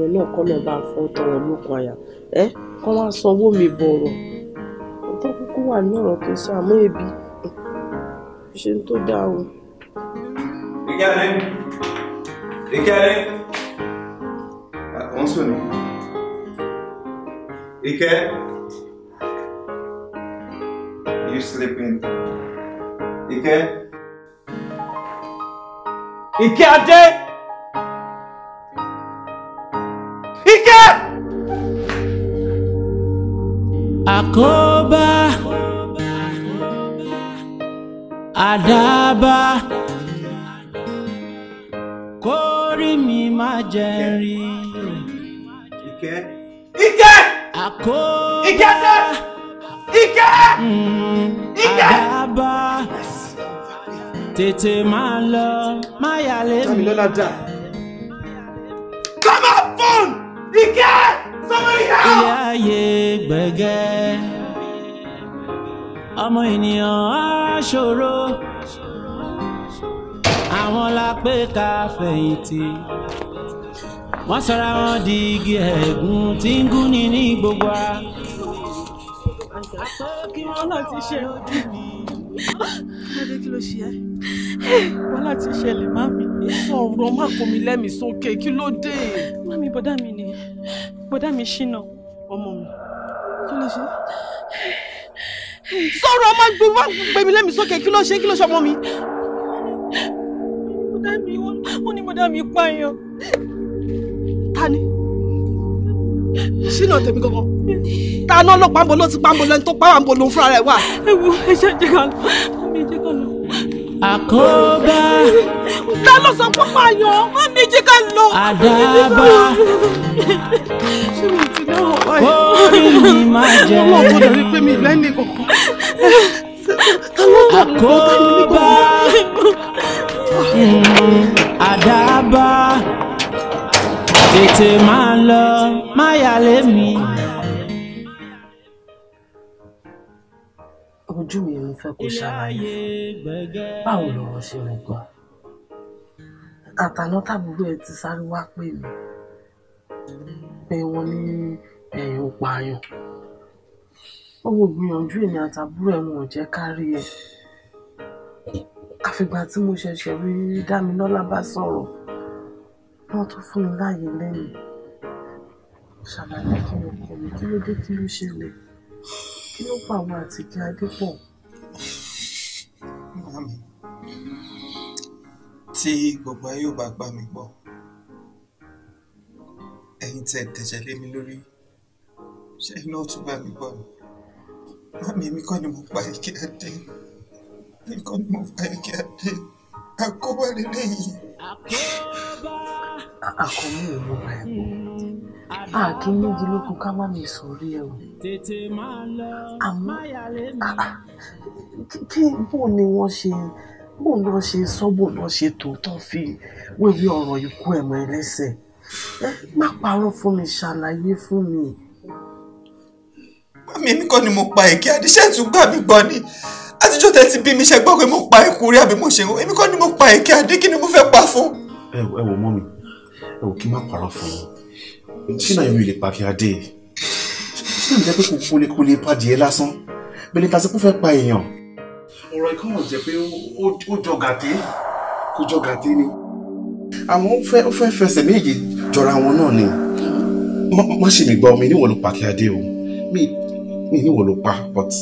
C: yẹn náà kọ́ náà bá ń fọ́ tọrọ lókun àyà ẹ́ kọ́ wá sanwó mi bọ̀rọ̀ ọ̀tọ́ kúkú wà ní ọ̀rọ̀ tó sọ àmọ́ ebi ṣe tó dáa o.
E: ìkẹ́ni ìkẹ́ni ọ̀hún sùn ni ìkẹ́ you sleeping ìkẹ́.
C: ìkẹ́ adé.
B: Koba, Adaba, Kori, mi má jẹ rí. Ike. Ike. àkóbá Ike dé. Ike. Mm-hmm. Ike. àdábá tètè máa lọ má yàlé mi. Come on phone! Ike! Somebody help! Ìyá yé gbẹ̀gẹ́ ọmọ ènìyàn á ṣòro àwọn la pé ká fẹ̀yìntì wọ́n sọra wọn di igi ẹ̀gún tí ń gún ni ní gbogbo a.
C: kí wọ́n láti ṣe ojú mi. lóde kí ló ṣe ẹ́ ṣẹlẹ̀ má mi. sọ̀rọ̀ má kó mi lẹ́mìí sókè kí ló dé. má mi bọ́dá mi ni bọ́dá mi ṣìnà ọmọ mi kí ló ṣe é sọ̀rọ̀ ọmọ gbẹmí lẹ́mìí sókè kí ló ṣe kí ló ṣe ọmọ mi. bọ́dà mi wọ́n ní bọ́dà mi pààyàn. ta ni sínú tèmi kankan Tani, náà ló pàǹbò ló ti pàǹbò lẹni tó pàǹbò lòún fúnra rẹ̀ wà. ẹ wo ẹ ṣe jẹ ká
B: lọ àkóbá. ta ló sọ pé máa yọ wọn ní jí ká lọ. àdàbà. orí mi máa
C: jẹ. ọmọ ọgbọ́dọ̀ rí pé mi ìlẹ́ ní kọ̀ọ̀kan. àkóbá.
B: Hmm, àdàbà. tètè máa lọ máyà lé mi. fẹ́ kó ṣàlàyé
C: báwo lọ̀rọ̀ ṣe rìn gan. àtàná tàbúrò ẹ ti sáré wá pè mí pé wọ́n ní ẹ̀yìn ò ó wo gbìyànjú èmi àtàbúrò ẹ jẹ́ kárí ẹ àfìgbà tí mo ṣẹ̀ṣẹ̀ rí Dámilọ́lá bá sọ̀rọ̀ wọ́n tún fún mi láàyè lẹ́yìn ṣàlàyé fún ọkọ mi kí ló dé kí ló ṣẹlẹ̀ kí ló pa àwọn àtìkí adé pọ̀ bá
E: mi tí gbogbo ayé ò bá gbà mí gbọ́ ẹ̀yin tẹ́ tẹ̀jẹ̀ mi lórí ṣé iná ò tún bá mi gbọ́ mi mami mi kọ́ ni mo pa ike adé èmi kọ́ ni mo pa ike adé àkóbá lélẹ́yìn. àkóbá
C: àkómú òun ló ẹ̀ bọ̀ a kì í méjì lókun ká má mi sórí ẹ o
B: àmọ́ ah, ah,
C: kí bó ni wọ́n ṣe bó ni wọ́n ṣe sọ bó ni wọ́n ṣe tòótọ́ fi wéwí ọ̀rọ̀ ikú ẹ̀mọ́ ẹlẹ́sẹ̀
E: má parọ́ fún mi ṣàlàyé fún mi. mami mi kọ́ ni mo pa èké àdíṣẹ́ tún gbà mí gbọ́ ni àtijọ́ tẹ́ ti bí mi ṣe gbọ́ pé mo pa ikú rí àbí mo ṣe ń èmi kọ́ ni mo pa èké àdí kí ni mo fẹ́ pa fún.
F: ẹ wò mọ́ mi ẹ wò kí n má parọ́ fún yín sínú ìwé lè pa fi adé
E: sínú ìjẹ́ pé kò
F: lè kò lè pa adìẹ lásán bẹ́ẹ̀ ni ta sí kó fẹ́ pa èèyàn. ọ̀rọ̀ ikán ò jẹ́ pé ó jọ gàdé kó jọ gàdé ni àmọ́ ó fẹ́ fẹsẹ̀ méjì jọra wọn náà ni má ṣe mi gbọ́ mi níwọ̀n ló pa kí adé o mi níwọ̀n ló pa but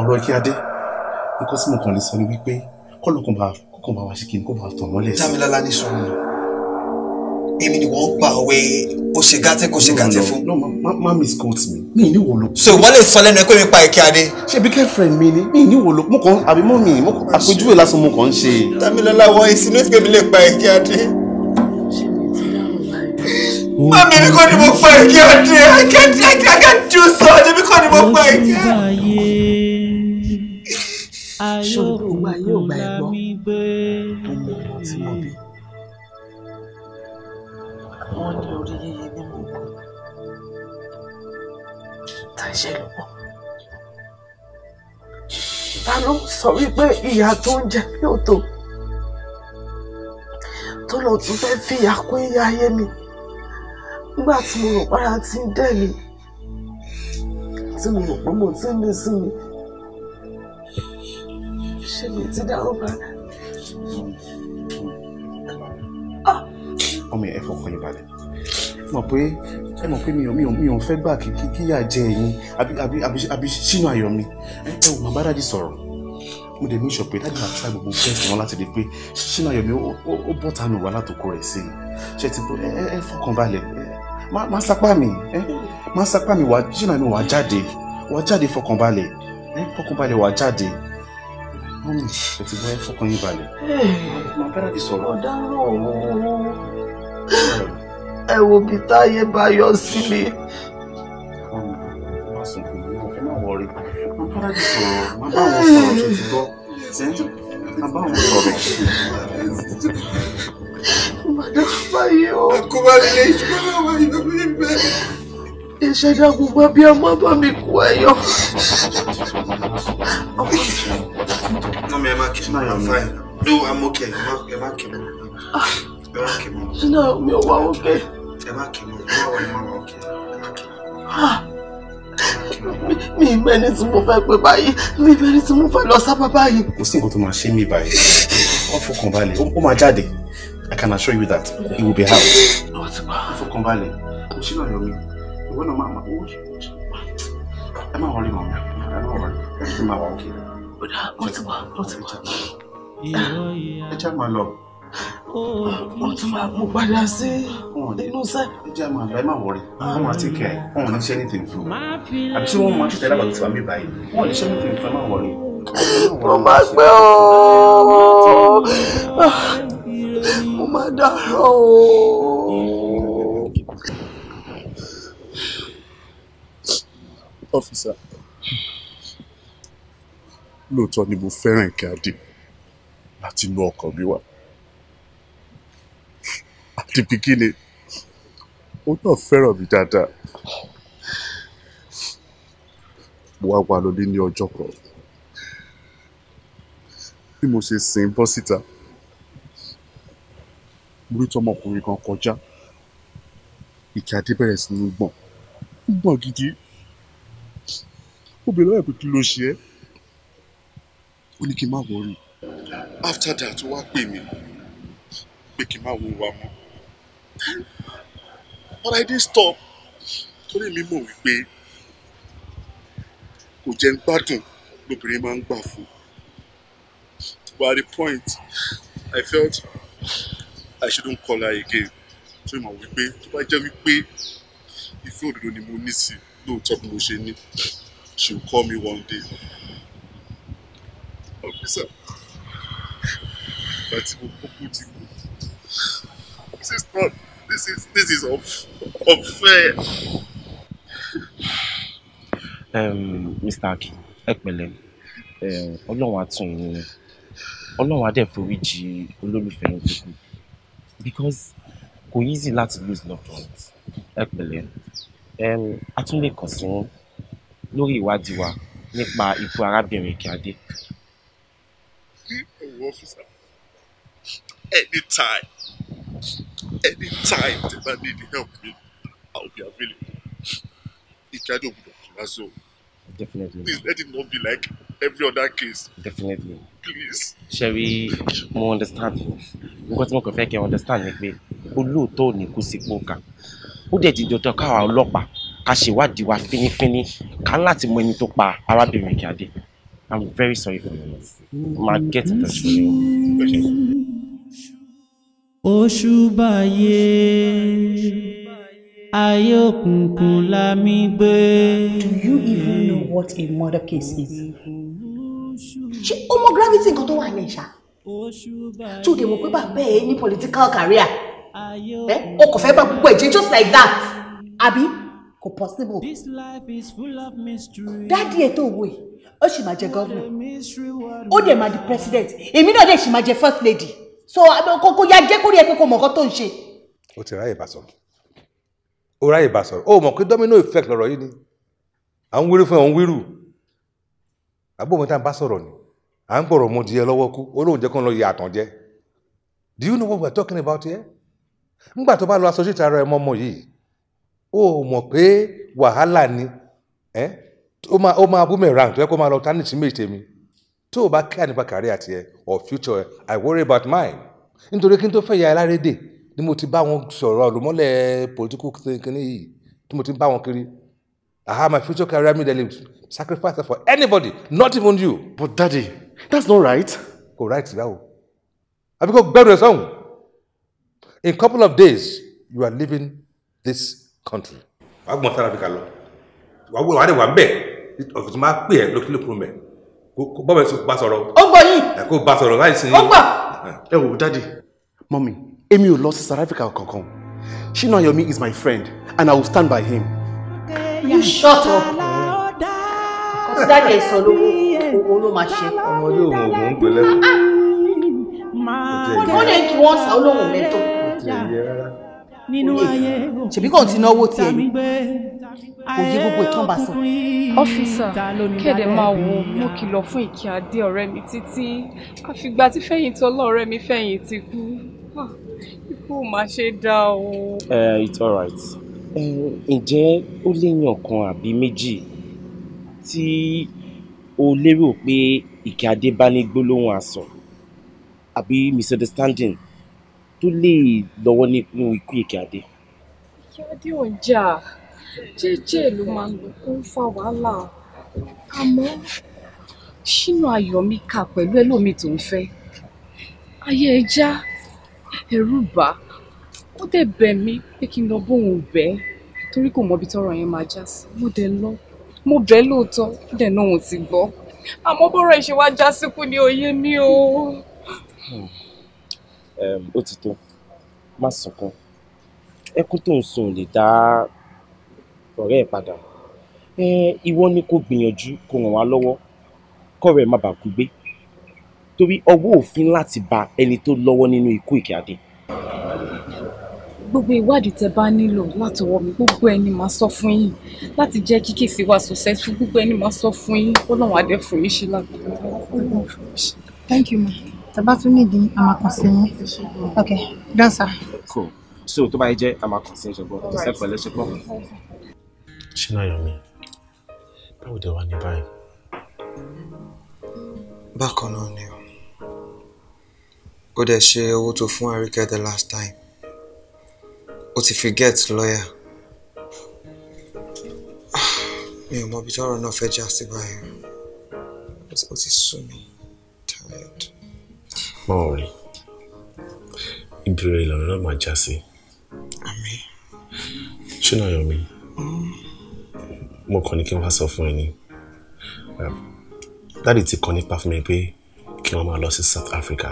F: ọ̀rọ̀ kí adé nǹkan tí mo kàn lè sọ ni wípé kọ́ ló kàn bá wá ṣe kí ni kó bá tọ̀ mọ́lẹ̀ sí.
E: Dámilọ́lá ní sọ̀rọ̀ náà èmi ni wọ́n ń pa òwe ó ṣe gátẹ́ kó ṣe gátẹ́ fún. no no ma ma miss court Me, mi ì ní wò so ìwọ lè sọ lẹ́nu ẹ pé mi pa ẹ̀kẹ́ adé.
F: ṣebí girlfriend mi ni mi ì ní wò ló mo kàn àbí mọ́ mi àpèjúwe lásán mo kàn ń ṣe. Dámilọ́lá wọ ìsinú ìpè mi lè pa ẹ̀kẹ́ adé.
B: Mami mi kọ́ ni mo pa ẹ̀kẹ́ adé I can't I can't, do so ọjọ́ mi kọ́ ni mo pa ẹ̀kẹ́. ṣòro gbogbo ayé gba ẹ̀gbọ́n tó mọ̀ ọ́ tí mo bí
C: wọ́n ní orí yíyí ní mọ̀kọ́ tá a ṣe lọ́pọ̀. ta ló sọ wípé ìyá tó ń jẹ mí ò tó tó lọ tún fẹ́ fi ìyà kún ìyá ayé mi nígbà tí mo rò para ti ń dẹ̀ mí tí mo rò pé mo ti ń lé sí mi mi ti dárò padà.
F: ọmọ yẹn ẹ̀fọ́ kọ́ yín balẹ̀ ẹ mọ̀ pé ẹ mọ̀ pé mi ò mi ò mi ò fẹ́ gbà kí kí yà jẹ ẹ̀yin àbí àbí àbí àbí sínú ayọ̀ mi ẹ wò màá bá dájú sọ̀rọ̀ mo dẹ̀ mí sọ pé dájú àti àgbègbè bẹ́ẹ̀ fún wọn láti rí i pé sínú ayọ̀ mi ó bọ́ tánu wà látòkò rẹ̀ sí i ṣe ti bọ́ ẹ ẹ fọkàn balẹ̀ má sapá mi ẹ má sapá mi wà sínú ayọ̀ mi wà jáde wà jáde fọkàn balẹ̀ ẹ fọkàn balẹ̀ wà jáde
E: ẹ ti bọ́ ẹ fọkàn yín balẹ̀ màá bá dájú sọ̀rọ̀. ọ̀daràn ọ̀hún ẹ wo bí táyé bá yọ sí
C: Ìṣẹ̀dá gbogbo bí ọmọ bá mi kú
E: ẹyọ. Mọ́mi ẹ má kí n máa yàn fáyìn. No, I'm okay. Ẹ má kí n máa yàn fáyìn ẹ má kí mọ. iná mi ò wá òkè. ẹ má kí mọ ìgbà wọlé má wá òkè ẹ má kí
C: mọ. mi ìmọ̀ ẹni tí mo fẹ́ pé báyìí mi ìmọ̀ ẹni tí mo fẹ́ lọ sábà báyìí.
F: kò sí nǹkan tó máa ṣe mí báyìí wọ́n fọkàn balẹ̀ ó máa jáde I can assure you that he will be happy. wọ́n ti bá fọkàn balẹ̀ kò sí náà yọ mi ìwọ náà máa máa ó ẹ má wọlé mọ̀ mi ẹ má wọlé ẹ má wá òkè.
B: ó dà mo ti wá
F: mo ti wá. ẹ jẹ́ máa lọ
B: mo tún máa mú
F: padà sí inú sẹ. jẹ́ àmọ́ àgbà ẹ̀ máa wọrí ah. wọ́n máa ti kẹ́ ẹ̀ wọ́n ní ṣe anything fún un àbí ṣé wọ́n máa ti tẹ̀lé àbàtì tí wàá mi báyìí wọ́n ní ṣe anything fún ẹ̀ máa wọrí. mo máa pẹ́ ooo
E: mo máa dárò
A: ooo.
F: ọ́fíìsà lóòótọ́ ni mo fẹ́ràn ìkàdé láti inú ọkàn mi wá àti pikini ó náà fẹ́ràn mi dáadáa mo wá wà lórí ní ọjọ́ kan bí mo ṣe sìn bọ́ síta mo rí tọmọkùnrin kan kọjá ìkí adé bẹ̀rẹ̀ sí ní gbọ̀n gbọ̀n gidi obìnrin náà pé kí ló ṣe é ó ní kí n má wọrí after that ó wá pè mí pé kí n má wo wa mọ́ but I didn't stop torí mi mọ̀ wípé kò jẹ́ ń gbádùn lóbìnrin máa ń gbà fún but at the point I felt I shouldn't call her again torí mọ̀ wípé tó bá jẹ́ wípé ìfẹ́ òdodo ni mo ní sí lóòótọ́ bí mo ṣe ní she will call me one day officer àti mo kúkú ti kú this is not. This is this is unfair. Um, Mr. Aki, ẹ pẹ̀lẹ́, Ọlọ́run á tún yín ni, Ọlọ́run á dẹ̀ foríjì olólùfẹ́ yín tó kù because kò easy láti lose loved ones. Ẹ pẹ̀lẹ́, a tún lè kàn sí wọn lórí ìwádìí wa nípa ikú arábìnrin Kíadé. Ọwọ́ ọ́fíìsà, anytime anytime tí bá need help me i will be available ìkádùn òbúdọ̀ So, definitely please let it not be like every other case. definitely please. Shall we more understand you nǹkan tí mo kàn fẹ́ kẹ́ understand ni pé olóòótọ́ ò ní kú sípò kan ó dẹ̀ di dandan káwa ọlọ́pàá ká ṣèwádìí wa fínífíní ká láti mọ ẹni tó pa arábìnrin Ìkẹ́adé i'm very sorry for you ma get in
B: touch Ọ̀ṣùbàyè ayé òkùnkùn la mi gbé. Do you even know what a murder case is? ṣé ó mọ
I: gravity nǹkan tó wà ní ìṣá?
B: tó dẹ̀ mọ̀ pé bàbá
I: ẹ ní political career
C: ẹ o kò fẹ́ bá gbogbo ẹ̀jẹ̀ just like that àbí kò possible. dáàdi ètò òwò yìí ó sì máa jẹ gọ́vnà ó dẹ̀ máa di president èmi náà dẹ̀ sì máa jẹ first lady so kò yá jẹ́ kórìí ẹ pé kò mọ̀ nǹkan tó ń ṣe.
H: o ti ráyè bá sọ̀rọ̀ o ráyè bá sọ̀rọ̀ o mọ̀ pé domino effect lọ̀rọ̀ yìí ni à ń wíru fún ẹ̀ ò ń wíru àbúrò tá à ni à ń gbọ̀rọ̀ mo di ẹ lọ́wọ́ kú olóhùn jẹ́ kó lọ yẹ àtàn jẹ́ do you know what we are talking about here ńgbà ba lo lọ associate ara ẹ mọ́ ọmọ yìí o mọ̀ pé wàhálà ni ó máa boomerang tó yẹ kó máa lọ tánìtì méje mi tó o bá care nípa career àti ẹ or future ẹ i worry about mine nítorí kí n tó fẹ́ ya alárédè ni mo ti bá wọn sọ̀rọ̀ ọ̀lùmọ́lẹ̀ political kìnìún yìí tí mo ti bá wọn kiri i have my future career middle age sacrifice for anybody not even you. but daddy that's not right. kò right báwo àbí kò gbẹrù ẹ sọhùn in a couple of days you are leaving this country. wàá gbọ́n sára bí ká lọ wàá wúlò wàá dẹ̀ wà bẹ̀ ọ̀fìsì máa pè é lókè lókè mẹ́rin bọ́ọ̀bù ẹ̀ sọ bá sọ̀rọ̀. ó gbọ́ yìí. ẹ kó bá sọ̀rọ̀ láì sin. ó gbọ́. ẹ wò dáàdi mọ́mí èmi ò lọ sí South Africa
F: kankan Shina Yomi is my friend and I will stand by him.
C: you shut up. kọ́sídàdì ẹ̀sán lówó owó ló máa ṣe. ọmọ yóò mọ
H: ògùn ń pè lẹ́kọ̀ọ́. Ah, ah. ó
C: kí wọ́n sá olóhùn mẹ́tọ̀.
B: ṣèbí kò ti náwó tiẹ̀ ni oye gbogbo ìtànbàsàn.
G: ọ́fíìsà kéde máa wo mo kìlọ̀ fún ìkí ọ̀rẹ́ mi títí àfìgbà tí fẹ̀yìntì ọlọ́ọ̀rẹ́ mi fẹ̀yìntì kú ikú má ṣe dá o.
F: ẹ eh, it's alright eh, ǹjẹ́ ó léèyàn kan àbí méjì tí o lérò pé ìkí adé bá ní gbólóhùn àsọ àbí misunderstanding tó lè lọ́wọ́ nínú
C: ikú ìkí adé.
G: ìkí adé ò ń jà jẹ́jẹ́ ló máa ń lọ kó ń fa wàhálà àmọ́ ṣínà ayọ̀míkà pẹ̀lú ẹlòmíì tó ń fẹ́ ayé ẹja ẹ̀rù bà ó dẹ̀ bẹ̀ mí pé kí n lọ bóun bẹ́ torí kò mọbi tọ́rọ̀ yẹn máa já sí mo dẹ̀ lọ mo bẹ̀ lóòótọ́ ó dẹ̀ náà òun ti gbọ́ àmọ́ bọ́rọ̀ ìṣe wá já síkú ni òye mi o.
F: ó ti tó má sọkàn ẹkún tó ń sun lè dá ọ̀rẹ́ ẹ̀ padà um ìwọ ni kó gbìyànjú kó ràn wá lọ́wọ́ kọ́rọ̀ ẹ̀ má bàa kú gbé torí ọwọ́ òfin láti ba ẹni tó lọ́wọ́ nínú ikú Ìkẹ́adé.
G: gbogbo ìwádìí tẹ bá nílò látọwọ́ mi gbogbo ẹni máa sọ fún yín láti jẹ́ kí kèsì wa successful gbogbo ẹni máa sọ fún yín Ọlọ́run adé fún yín ṣe
I: thank you ma tàbá tún nídìí àmàkànṣe yín ok dancer.
H: cool
F: so tó bá yẹ jẹ́ àmàkànṣe ṣùgbọ́n tó sẹ́kọ̀ọ́ ṣínà yàn mí
E: báwo dé wá ní báyìí. bákan náà ni o ó dẹ̀ ṣe owó tó fún àríkẹ́ the last time o ti forget lọ́yà ah, mi ò mọ ibi tọ́rọ̀ náà fẹ́ já sí báyìí ó ti sú mi tired.
F: má ò rí ìbéèrè ìlànà náà máa já sí. ṣínà yàn mo kàn ní kí wọ́n sọ fún ẹ ni um, dáàdì ti kàn nípa fún mi pé kí wọ́n máa lọ sí South Africa.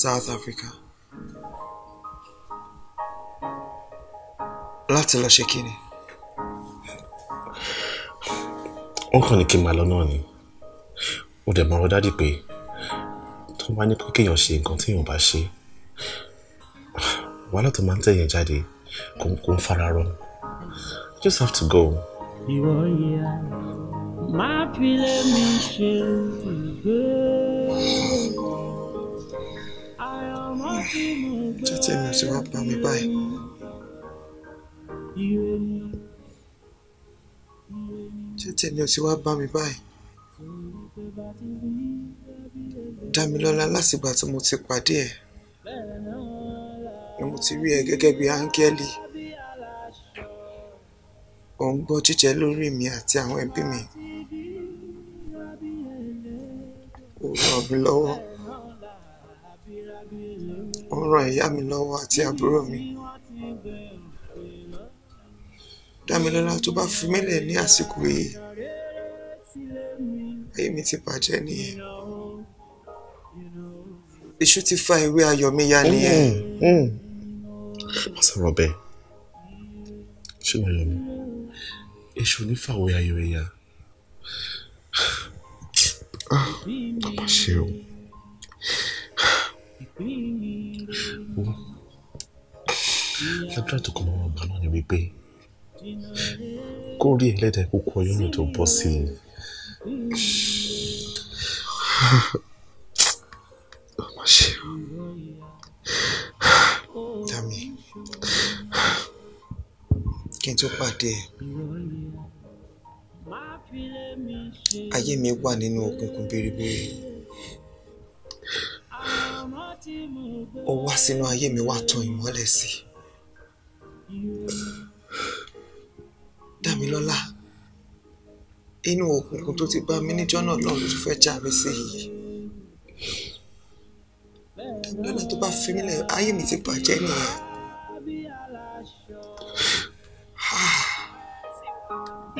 E: South Africa láti lọ ṣe kí ni.
F: wọ́n kàn ní kí n máa lọ náà ni ó dẹ̀ mọ̀rọ̀ dáàdì pé tó bá ní pé kéèyàn ṣe nǹkan téèyàn bá ṣe wàhálà tó máa ń tẹ̀yìn jáde kò ń kò ń fara just have to go.
B: ìwọ ìyá máa fi mi ṣe ìgbé.
A: tètè mi ò
E: pa mi báyìí. tètè mi ò sì wá bá mi báyìí. Dámilọ́lá látìgbà tí mo ti pàdé ẹ̀ ni mo ti rí ẹ gẹ́gẹ́ bí áńgẹ́lì ò ń gbọ́ jíjẹ lórí mi àti àwọn ẹbí mi ò ràn mí lọ́wọ́ ó ràn ìyá mi lọ́wọ́ àti àbúrò mi dámilọ́lá tó bá fi mílẹ̀ ní àsìkò yìí ayé mi ti bàjẹ́ nìyẹn èṣù ti fa ìwé ayọ̀ mi ya nìyẹn. Mm, mm
F: ẹ má sọ̀rọ̀ bẹ́ẹ̀ ṣé lọ yọ mí èṣù onífàwọ̀ ayọ̀ ẹ̀yà ó má ṣe o àdúrà tó kọ́ máa bá náà ni wípé kó rí ẹlẹ́dàá kókó ọyọ́nù tó bọ́ sí i.
E: ó má ṣe o. Dami, kí n tó pàdé ẹ, ayé mi wà nínú òkùnkùn biribiri. Ó wá sínú ayé mi wá tan ìmọ́lẹ̀ sí i. Dámilọ́lá inú òkùnkùn tó ti bá mi níjọ́ náà lọ́run tó fẹ́ já mi sí yìí lọ́nà tó bá fi mí lẹ̀ ayé mi ti bàjẹ́ nìyẹn.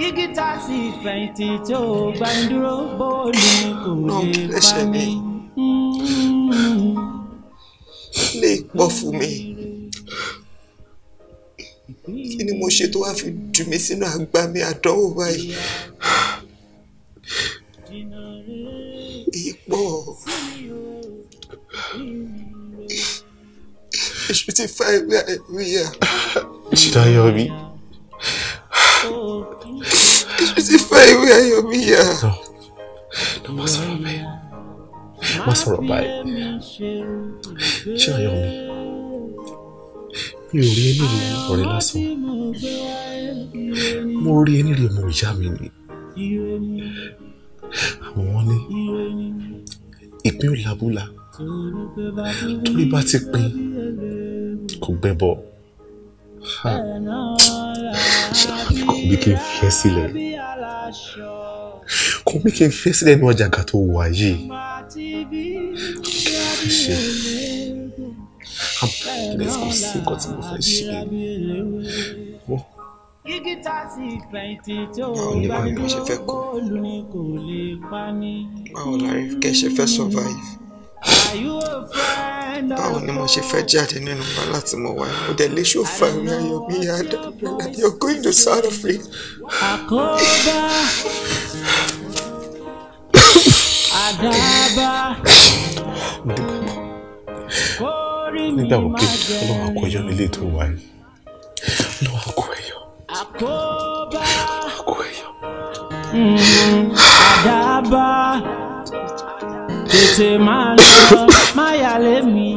B: igi tá a sì fẹ̀yìntì tó gbà ń dúró bóòlù kò lè pa mí. Mm.
E: lè pọ̀ fún mi kí ni mo ṣe tó wá fi jù mí sínú àgbá mi àdánwò báyìí.
F: Èṣù ti fa ẹ̀mí àìrí yá. Ṣìdáyọ̀mí.
E: Èṣù ti fa ẹ̀mí àyọ̀mí yá.
F: Lọ má sọ̀rọ̀ bẹ́ẹ̀. Má sọ̀rọ̀ báyìí. Ṣìdáyọ̀mí. Mi ò rí ẹni rí ọ̀rẹ́ lásán. Mo rí ẹni rí ọmọ ìyá mi ni. Àmọ́ wọ́n ní ìpín ò lábúlà torí bá ti pín kò gbẹ́bọ̀ kò bí kí n fi ẹ́ sílẹ̀ kò bí kí n fi ẹ́ sílẹ̀ ní ọjà gàtò wà yìí kí n ṣe
B: abúlé kò sí nǹkan tí mo fẹ́ ṣe wọ́n báwo ni báyìí ṣe fẹ́ kú
E: báwo la rí kẹ́ ṣe fẹ́ survive báwo ni mo ṣe fẹ́ jáde nínú wa láti mọ̀ wá mo dẹ̀ lè ṣòfà mi ayọ̀ mi yá dáadáa you're going to South Africa. àkóbá
B: nígbà wo pé ọlọ́run àkọ́
F: nílé tó wà yìí ọlọ́run àkọ́ ẹyọ
B: tètè máa lọ má yà lé mi.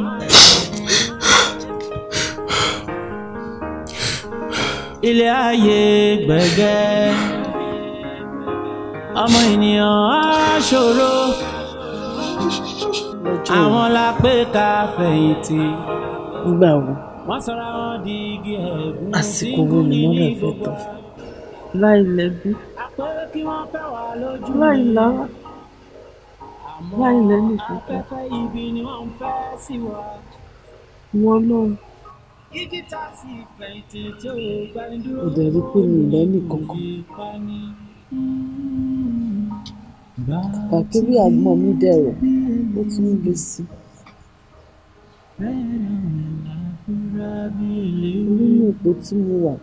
B: ilé ayé gbẹ̀gẹ́ ọmọ ènìyàn á ṣòro àwọn la pé ká fẹ̀yìntì. nígbà wo àsìkò wo ni wọ́n
C: lè fẹ́ tán láì lẹ́bí
B: láì lára láì lẹ́yìn kankan ìwọ ọlọ́run ó dẹ̀ rí pé mi lẹ́yìn kankan kàkí
C: bí àgbọn mi dẹ̀rọ̀ ó tún ń le sí
B: i nínú ipò tí mo wà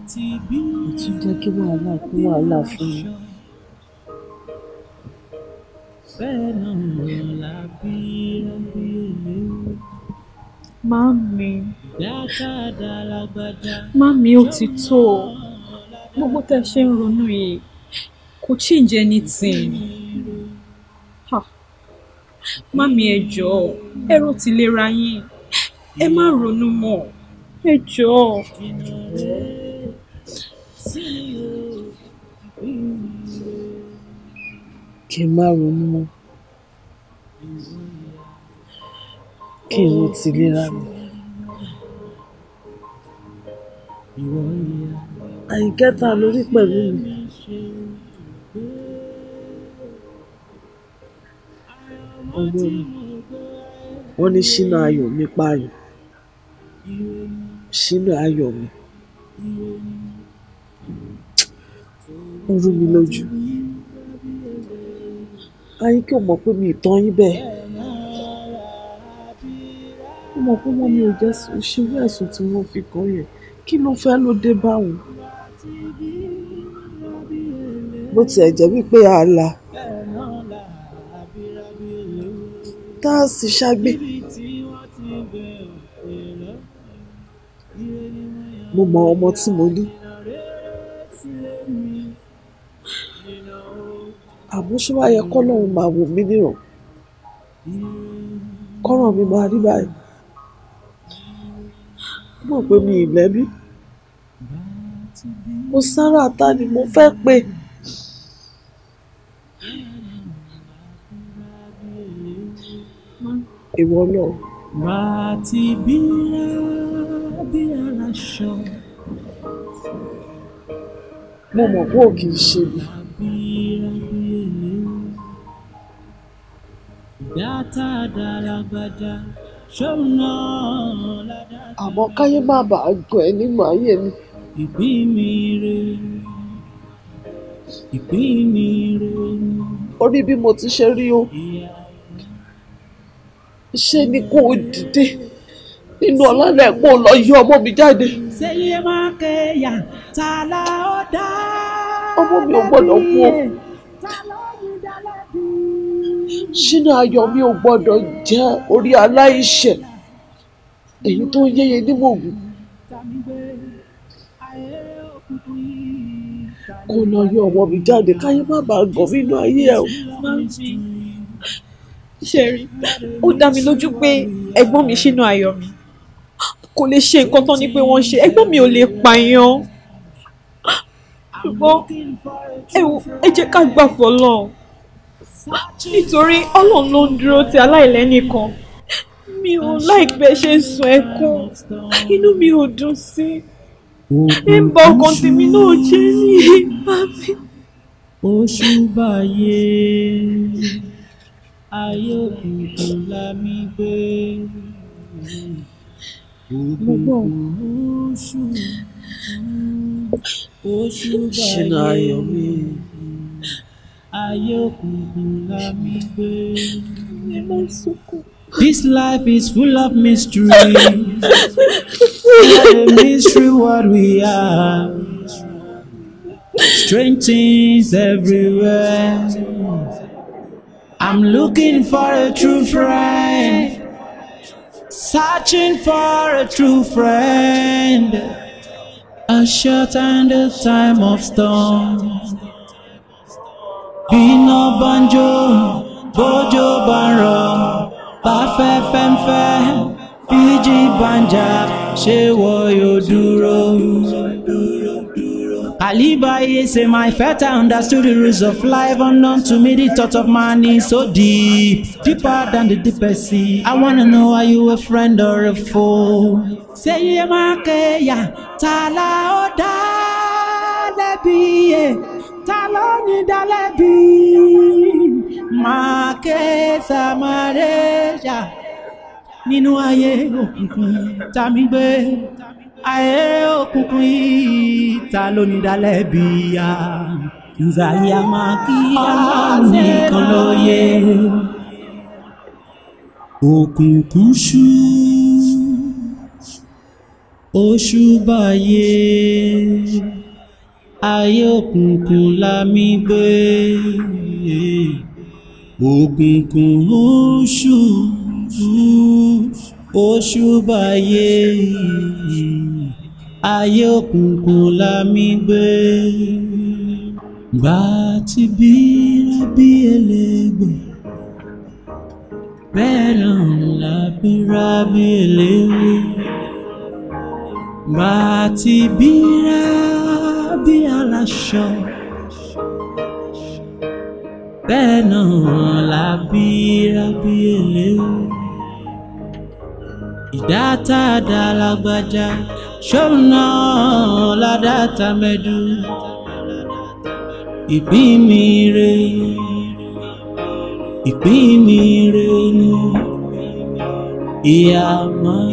B: ó tún jẹ́ kí wàhálà kún wàhálà fún mi. Mami. Mami ó ti
G: tó o. Gbogbo tẹ́ ṣe ń ronú yìí kò change anything. Ha. Mami ẹ jọ̀ọ́,
C: ẹ rò ti lera yín. Ẹ má ronú mọ́. Ẹ kí n má ronú mọ́, kí n ro tìlera mi. Àyìnkẹ́ ta ló rí pẹ̀lú mi? Ọmọ mi, wọ́n ní Ṣínà Ayọ̀ mi pààyàn. Ṣínà Ayọ̀ mi. Ó rú mi lójú ayé kí o mọ̀ pé mi ì tán yín bẹ́ẹ̀ ó mọ̀ pé wọ́n mi ò jẹ́ ṣerú ẹ̀sùn tí wọ́n fi kàn yẹn kí ló fẹ́ ló dé báwọn. bó tiẹ̀ jẹ́ wípé ààlà tá a sì ṣàgbé. mo mọ ọmọ tí mo ní. àmọ́ ṣé wàá yẹ kọ́lọ́run máa wò mí níràn kọ́ràn mi máa rí báyìí mọ̀ pé mi ì mo sára ta ni mo fẹ́ pé. ìwọ náà. wà á ti bí bí aláṣọ. mo mọ̀ pé kì í ṣe mi. Amo káyé má bàa gùn ẹ́ nínú ayé mi.
B: ìpín mi re
C: ìpín mi re. orí bí mo ti ṣe rí o ṣe ni kó o dìde nínú ọlọ́lẹ̀ kó lọ yí ọmọ mi jáde.
B: ṣèyí máa kẹyà ta la ó
C: ọmọ mi ò gbọ́dọ̀ kú o ṣínà ayọ̀ mi ò gbọ́dọ̀ jẹ́ orí aláìṣẹ̀ èyí tó yéye nímògùn kó lọ yọ ọmọ mi jáde káyé má bàa gàn mí inú ayé ẹ o. ṣeré ó dá mi lójú pé ẹ̀gbọ́n mi ṣínà ayọ̀ mi kò lè ṣe nǹkan tán ni pé wọ́n ṣe ẹ̀gbọ́n mi ò lè pààyàn ṣùgbọ́n ẹ jẹ́ ká gbà fọlọ́run nítorí ọlọ́run ló ń dúró ti aláìlẹ́nìkan mi ò láìpẹ́ ṣe ń sun ẹkún inú mi ò dùn sí
B: ẹ ń bá ọkàn tèmi náà jẹ́ ní ìgbà mi. oṣù báyé ayé òkùnkùn la mi gbé
G: òkùnkùn
B: oṣù oṣù báyé. This life is full of mystery. mystery what we are. Strange things everywhere. I'm looking for a true friend. Searching for a true friend. A short and a time of storm. iná banjo, bojo banro, bafe femfe, ń banja, bá fẹ́ fẹ́ ń fẹ́ say my faith I understood the rules of life unknown to me the thought of money so deep deeper than the deepest sea I wanna know are you a friend or a foe. Ṣé yẹ máa kẹ́yà tààlà ó dá lẹ́bi yẹn ta ló ní dálẹ́bi máa ké samaria nínú ayé òkùnkùn tàmí gbé ayé òkùnkùn yìí ta ló ya nzàyà máa kí ọlọ́run nìkan ló
E: òkùnkùn
B: ṣú oṣù báyé ayé òkùnkùn la mi gbé òkùnkùn oṣù oṣù báyé ayé òkùnkùn la mi gbé gbà tí bíra bí elégbè bẹ́ẹ̀ náà la bíra bí eléwé gbà tí bíra bí aláṣọ bẹ́ẹ̀ náà la bí la eléwé ìdá tá a la lágbájá ṣóun náà la data medu. a mẹ́dú ìpín mi re ìpín mi re ni ìyá máa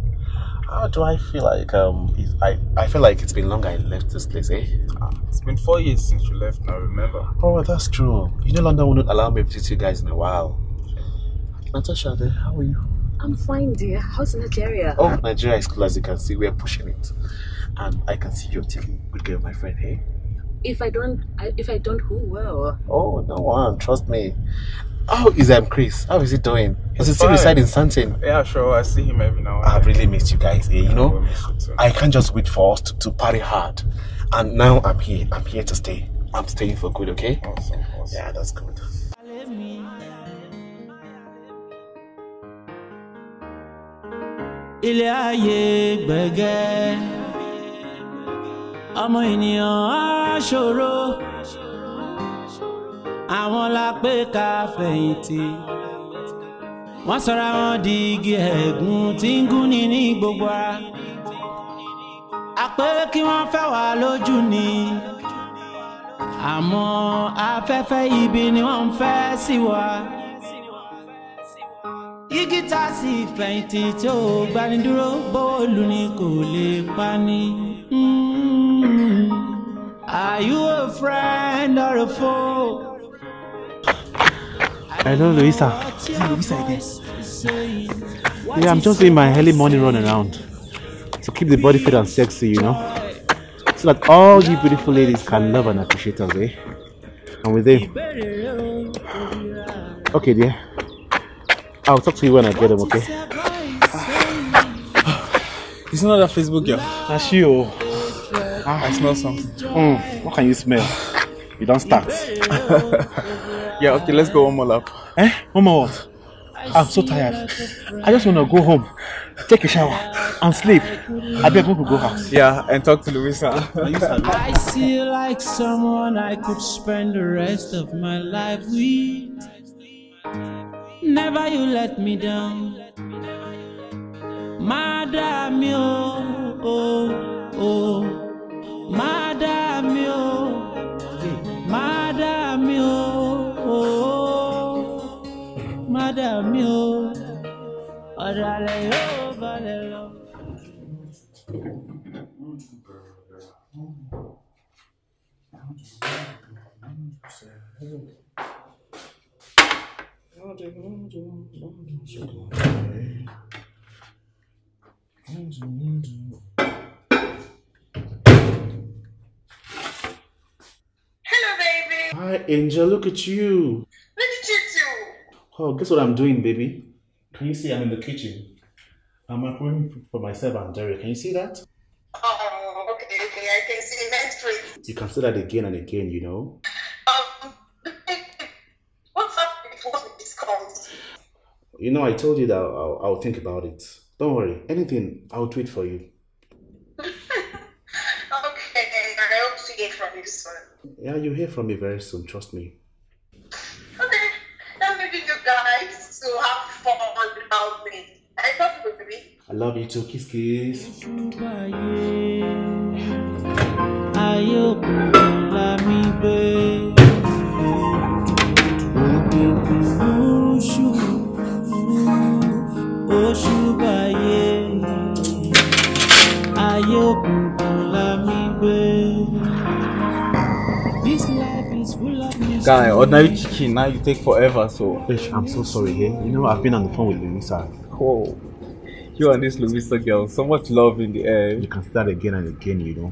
F: how do I feel like um I I feel like it's been long I left this place, eh? Ah, it's been four years since you left. Now remember. Oh, that's true. You no longer wouldn't allow me to see you guys in a while. Natasha, how are you?
G: I'm fine, dear. How's Nigeria? Oh, Nigeria is
F: cool as you can see. We're pushing it, and I can see you're taking good care of my friend, eh?
G: If I don't, I, if I don't, who will?
F: Oh, no one. Trust me. How is um Chris? How is he doing? He's he still residing in Santin? Yeah, sure. I see him every now and then. I've really missed you guys. Eh? Yeah, you know, you I can't just wait for us to, to party hard. And now I'm here. I'm here to stay. I'm staying for good, okay? Awesome. awesome. Yeah, that's good.
B: ilé ayé gbẹ̀gẹ́ ọmọ ènìyàn á ṣòro. àwọn la pé ká fẹ̀yìntì wọ́n sọra wọn di igi ẹ̀gún tí ń gúnni ní gbogbo ara àpé kí wọ́n fẹ́ wà lójú ni àmọ́ afẹ́fẹ́ ibi ni wọ́n ń fẹ́ sí wa igi ta sí fẹ̀yìntì tí ó gbanidúró bóòlù ni kò lè pani. mm mm-hmm. Are you a friend or a foe?
F: Hello, Luisa. Luisa again? Yeah, I'm just doing my early morning run around to keep the body fit and sexy, you know, so that all you beautiful ladies can love and appreciate us, eh? And with them. Okay, dear. I'll talk to you when I get them, okay? It's not that Facebook girl. That's you. Ah, I smell something. Mm, what can you smell? You don't start.
E: Yeah, okay, let's go
F: one more lap. Eh? One more what? I'm so tired. I just want to go home, take a shower, and sleep. I beg to go house. Yeah, and talk to
E: Louisa.
B: I feel like someone I could spend the rest of my life with. Never you let me down. Madame, oh, oh, oh. Madame. Hello, baby.
F: Hi, Angel. Look at you. Oh, guess what I'm doing, baby? Can you see I'm in the kitchen? I'm microwaving for myself and Derek. Can you see that?
C: Oh, okay, okay. I can see metrics.
F: You can see that again and again, you know. Um, what's up before this comes? You know, I told you that I'll, I'll think about it. Don't worry. Anything, I'll tweet for you. okay,
I: I
C: hope to hear from you soon.
F: Yeah, you'll hear from me very soon. Trust me.
C: about me. I love you, baby.
F: I love you too. Kiss, kiss.
B: Oṣù báyé guy
F: ordinary chicken now you take forever so Ish, i'm so sorry eh? you know i've been on the phone with louisa Whoa. you and this louisa girl so much love in the air you can start again and again you know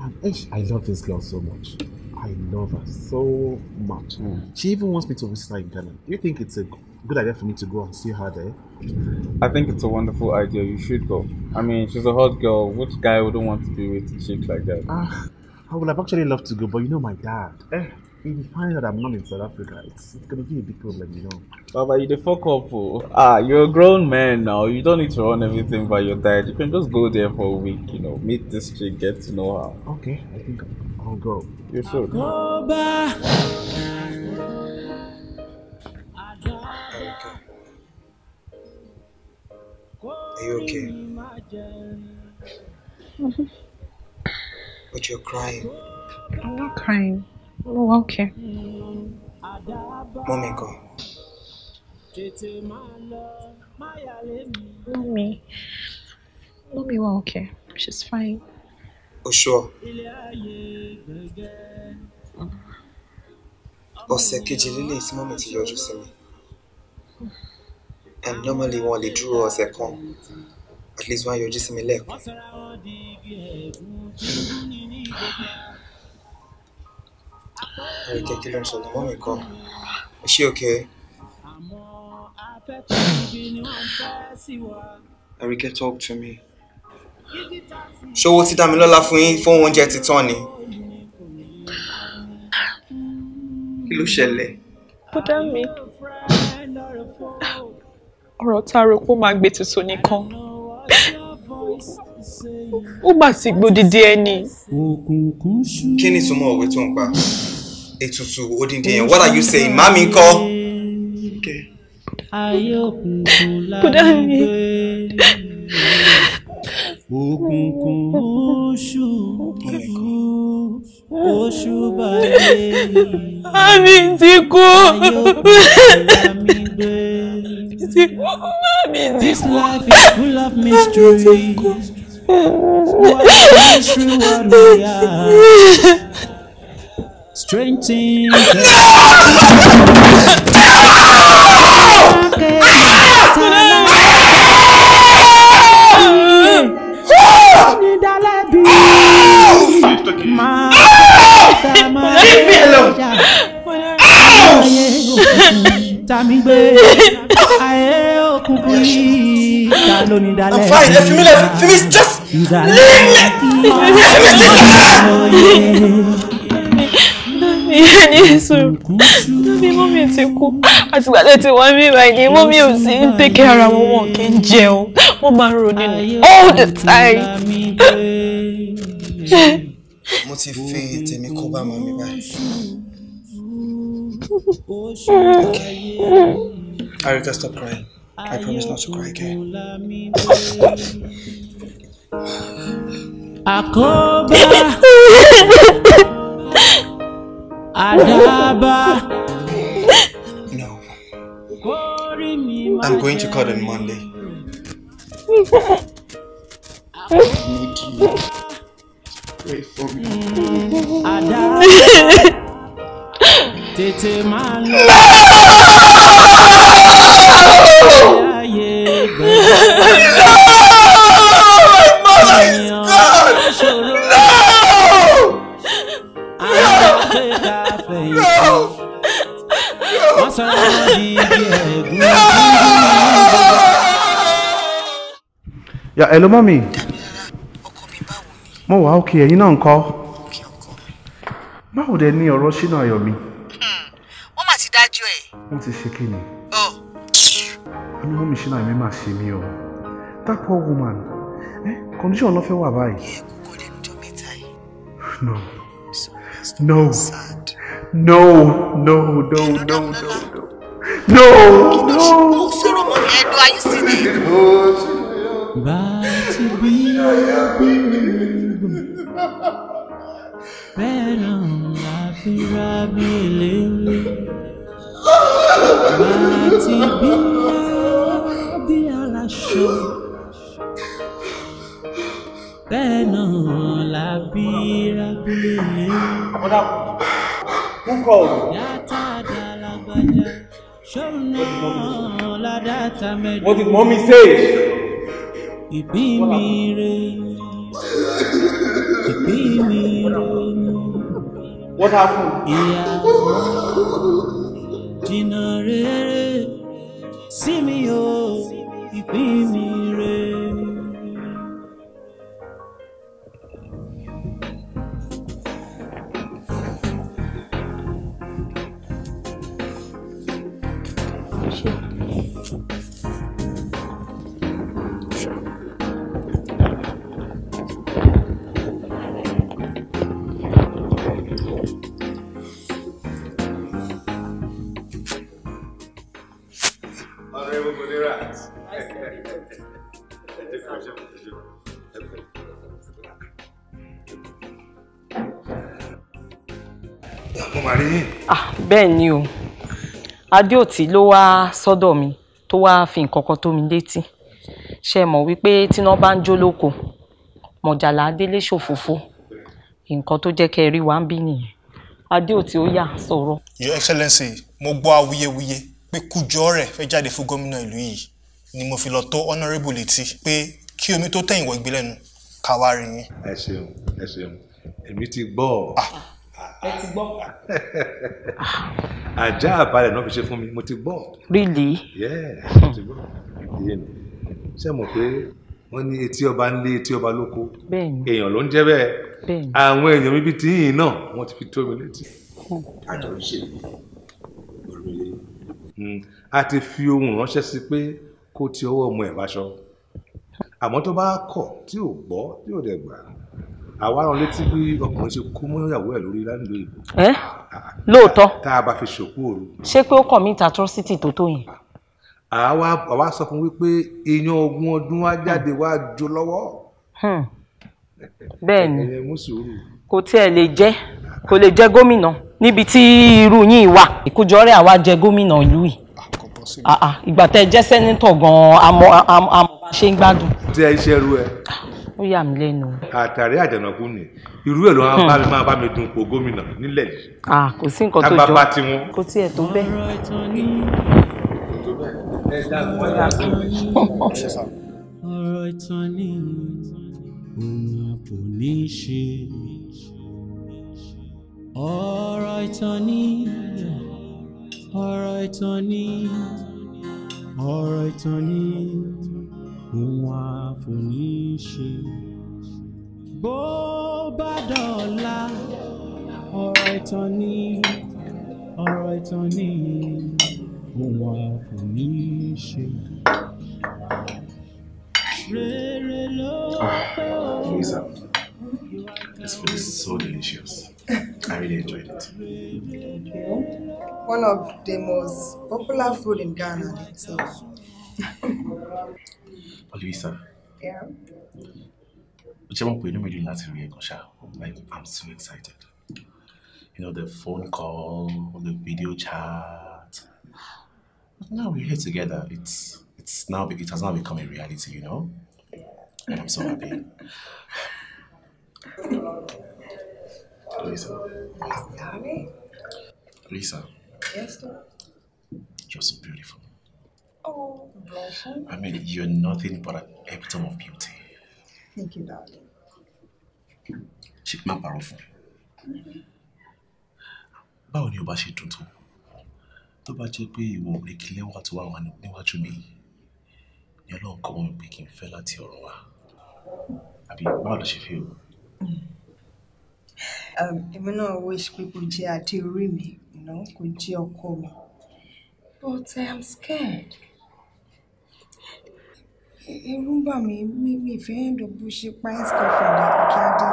F: and Ish, i love this girl so much i love her so much mm. she even wants me to visit her in ghana you think it's a good idea for me to go and see her there i think it's a wonderful idea you should go i mean she's a hot girl which guy wouldn't want to be with a chick like that ah, i would have actually loved to go but you know my dad eh if you find that I'm not in South Africa, it's, it's gonna be a big problem, you know. Baba, you the fuck up, oh. Ah, you're a grown man now. You don't need to run everything by your dad. You can just go there for a week, you know, meet this chick, get to know her. Okay, I think I'll go. You should.
B: Go back.
E: Are you okay? but you're crying.
C: I'm not crying. mo oh, okay.
B: Mommy go. Mommy, mommy,
C: mọ́mí okay. she's fine.
E: o oh, sure. ọ̀sẹ̀ kejì lélẹ̀ tí mọ́mí ti yọjú sí mi and normally wọn lè dúró ọ̀sẹ̀ kan at least wọn you're just a mi Àríkẹ́ kí ló ń sọ̀rọ̀ mọ́ mi kọ́? Ẹ ṣé òkè. Àríkẹ́ talk to me. Ṣowó tí Dámilọ́lá fún yín fún oúnjẹ ti tán ni. Kí ló ṣẹlẹ̀?
C: Bọ́dá mi, ọ̀rọ̀ tá a rò pé ó máa gbé tuntun nìkan ó mà ti gbódìdí ẹni.
E: kí ni túmọ̀ òwe tó ń pa? ètùtù odindi what are you saying mami ńkọ́.
B: kódà mi. òkùnkùn oṣù oh oṣù báyìí. this life is full of mystery. what mystery what we are. Strengthen. Leave me alone. Tami gbe, aye òkùnkùn yìí, ta ló ní dalẹ̀? I'm fine, ẹ fi mi lẹ, fi mi just
C: leave me, leave me
B: sílẹ̀
D: ìyá ní sùúrù lórí mọ́mí ti kú
C: àtìgbà tó ti wá mí báyìí ni mọ́mí ò sí ń tẹ́kẹ́ ara wọn wọn kì í jẹun wọ́n máa ń ronú
B: all the time.
E: mo ti fi tèmi kó bá mọ́mí báyìí. okay Arika stop crying I promise not to cry again.
B: Akoba. Adaba. No.
C: I'm going to court on Monday.
B: I need
A: you. Pray for me.
B: Adaba. No!
A: wọ́n sọ wọ́n di ibi ẹ̀gún.
F: yà ẹ̀ ló mọ́ mi. mo wà ókè ẹ̀yin náà ń kọ́. báwo dẹ̀ ni ọ̀rọ̀ ṣínà ayọ̀ mi. wọ́n mà ti dájọ́ ẹ̀. wọ́n ti ṣe kí ni. àmì wọ́n mi ṣínà mi máa ṣe mí o that poor woman eh? condition ló fẹ́ wà báyìí. no no. No, no, no, no, no, no. No,
A: no.
B: Bàtí bí bí bẹ́ẹ̀ náà láfi ra mi léwu. Bàtí bí bí aláṣọ called What did mommy say?
E: What happened? Ìyàwó
B: jìnnà rere sí mi
D: bẹ́ẹ̀ ni o adéòtí ló wá sọ́dọ̀ mi tó wá fi nǹkan kan tó mi létí ṣe mọ̀ wípé tíná bá ń jó lóko mọ̀jàlá délé ṣòfófó nǹkan tó jẹ́ kẹ́ ẹ rí wa ń bí nìyẹn adéòtí ó yà sọ̀rọ̀.
E: your excellency mo gbọ́ awuyewuye pé kújọ́ rẹ̀ fẹ́ jáde fún gómìnà ìlú yìí ni mo fi lọ tó honourable létí pé kí omi tó tẹ̀yìn wọ ìgbélẹ́nu káwá rí yín.
H: ẹ ṣeun ẹ ṣeun èmi ti gbọ́ ọ. Ah! ẹ ti gbọ́.
E: ajá àbálẹ̀
H: náà fi ṣe fún mi mo ti gbọ́. really. yeah mo ti gbọ́ ìdíyẹ ni ṣé mo pé wọ́n ní etí ọba ń lé etí ọba lóko èèyàn ló ń jẹ́ bẹ́ẹ̀ àwọn èèyàn mi bíi tìyìn náà wọ́n ti fi tó mi létí àjọ ń ṣe oríire hmm. a ti fi ohun ránṣẹ́ sí pé kó ti ọwọ́ ọmọ ẹ̀ báṣọ àmọ́ tó bá kọ̀ tí ò gbọ́ tí ò dẹ̀ gbà á àwa rán létí bí ọkùnrin ṣe kú mọ́ ìyàwó ẹ̀ lórí láńdó ìbò. ẹ ah, ah. lóòótọ́. tá a bá fi ṣòkú òru. ṣé pé ó commit atrocity tó tó yẹn. àwa àwa sọ fún wípé èèyàn ogún ọdún wá jáde wá jó lọ́wọ́. Hmm. bẹ́ẹ̀ ni
D: kò tiẹ̀ lè jẹ́ kò lè jẹ́ gómìnà níbi tí irú yín wà ìkójọ rẹ̀ àwa jẹ́ gómìnà ìlú yìí ah, ìgbà tẹ́ jẹ́ sẹ́nitọ̀ gan-an àmọ́ bá ṣe ń gbádùn.
H: tí ẹ ṣe ru ẹ
D: ó yà mí lẹ́nu.
H: àtàrí àjànàkú ni irú ẹ̀ ló máa bá mi hmm. máa bá mi dun ipò gómìnà nílẹ̀ yìí. à kò sí nǹkan tó jọ tábàbà tiwọn.
B: kò tiẹ̀ tó bẹ́ẹ̀. ọ̀rọ̀
E: ìtàn ni
H: òun
B: àpò ní í ṣe ọ̀rọ̀ ìtàn ni ọ̀rọ̀ ìtàn ni ọ̀rọ̀ ìtàn ni òun àfòníṣe. bó bá dọ̀la ọ̀rọ̀ ìtàn ni ọ̀rọ̀ ìtàn ni òun àfòníṣe.
F: rere ló ah, pé òun. This food is so delicious. I really enjoyed it.
I: Okay. One of the most popular food in Ghana itself.
F: Olivisa. Yeah. Which one we really last year, Like I'm so excited. You know, the phone call, the video chat. But now we're here together. It's it's now it has now become a reality, you know? And I'm so happy. Lisa. Yes, Lisa. Yes, sir. You're so beautiful.
I: Oh, bless you.
F: I mean, you're nothing but an epitome of beauty.
I: Thank you, darling.
F: Ṣé máa parọ́ fún
I: un?
F: Báwo ni o bá to dùn tó? Tó bá jẹ́ pé ìwọ̀n ìkìlẹ̀ wà tó wà wà níwájú mi yìí, ni Ọlọ́run kọ́ wọn pé kí n fẹ́ láti ọ̀run wá. Àbí báwo ló ṣe fi o?
I: Um, èmi náà wish pé kò jẹ́ adé orí mi, kò jẹ́ ọkọ mi. But I am scared. ẹ̀rù ń bà mí mi fẹ́ end up bó ṣe pa ice cream fún mi kí á dé.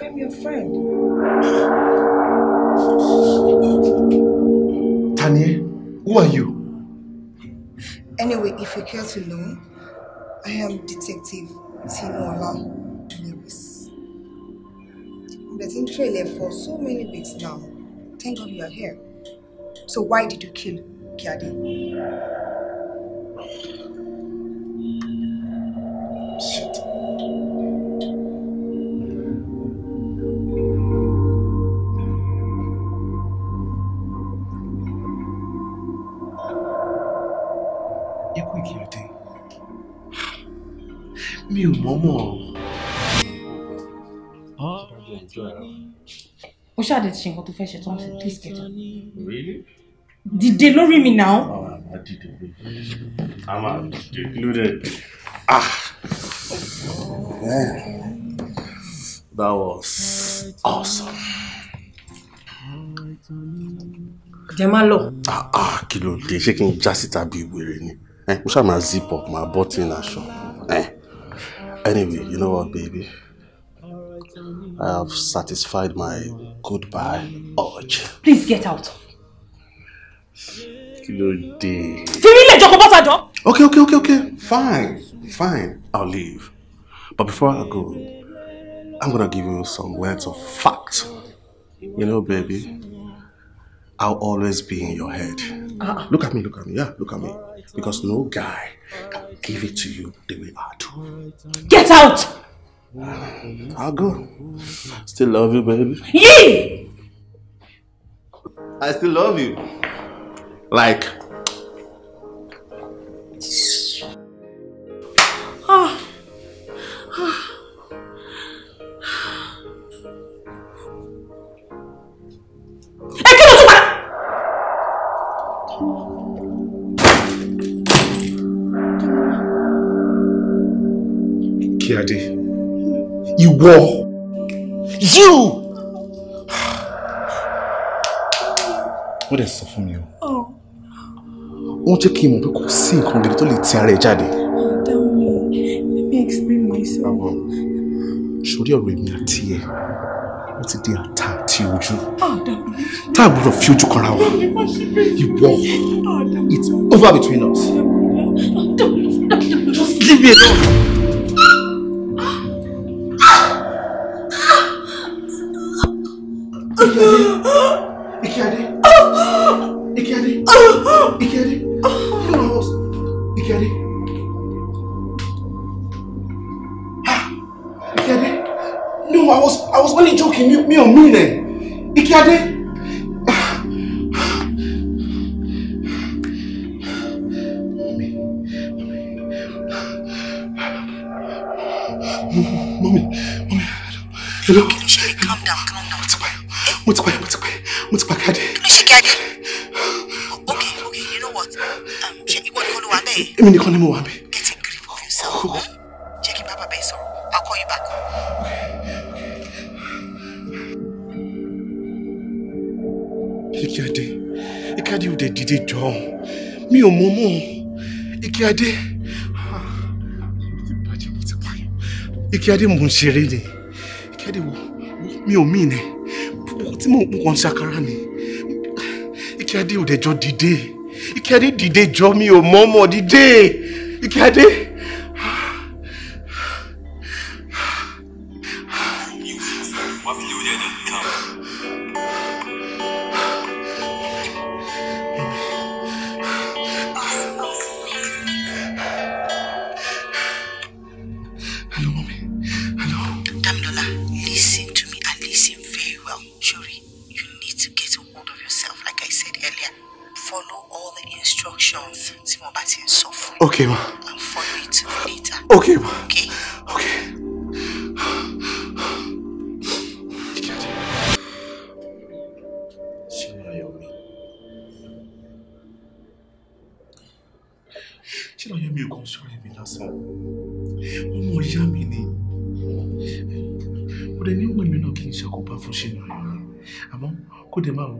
I: from your friend.
F: Tanya, who
I: are you? Anyway, if you care to know, I am Detective Tinola Duniris. I've been in trailer for so many weeks now. Thank God you are here. So why did you kill Kiade?
F: mi ò mọ́mọ́. ó
D: ṣàdé ti ṣe nǹkan tó fẹ́ ṣe tó ń ṣe please get up. dìde lórí mi náà.
F: a máa dìde kí ló dé. ah
C: man that was awesome. jẹ́ máa lọ. Ah, ah, kí
F: ló dé ṣé kí n já síta bíi wèrè ni mo ṣáà máa zip up máa bọ́tìn aṣọ. Anyway, you know what, baby? I have satisfied my goodbye
D: urge. Please get out.
F: Good day. Okay, okay, okay, okay. Fine, fine. I'll leave. But before I go, I'm gonna give you some words of fact. You know, baby, I'll always be in your head. Ah. Look at me, look at me, yeah, look at me because no guy can give it to you the way I
H: do. Get out!
F: I'll go. Still love you, baby.
H: Yee! I still love you. Like...
F: war.
A: You!
F: Wọ́n dẹ̀ sọ fún mi o. Wọ́n jẹ́ kí n mọ̀ pé kò sí nǹkan gidi tó lè ti ara ẹ̀ jáde.
C: Tell me, let me explain myself.
F: Ṣorí ọ̀rọ̀ èmi àti ẹ̀, ó ti di àtà you ojú. Ah, tá a gbọ́dọ̀ fi ojú kanra you Ìwọ, ah, it's over between us.
A: Just leave me alone.
F: kíákíá dé. okay, ok you know what um, ṣe ìwọ ni mo ló wà bẹ́ẹ̀. èmi nìkan ni mo wà bẹ́ẹ̀. get a grip of yourself. jẹ́ kí Papa,
C: bẹ́ẹ̀ sọ̀rọ̀ I'll call you back.
F: Ikeade Ikeade ò dẹ̀ dìde jọ mi ò mọ̀ mọ́ Ikeade Ikeade mò ń ṣeré ni Ikeade wo mi ò mí ni tí mo kàn ń ṣàkárá ni. Ìkẹ́dé ò dẹjọ́ dìde Ìkẹ́dé dìde jọ mi ò mọ́mọ́ dìde Ìkẹ́dé.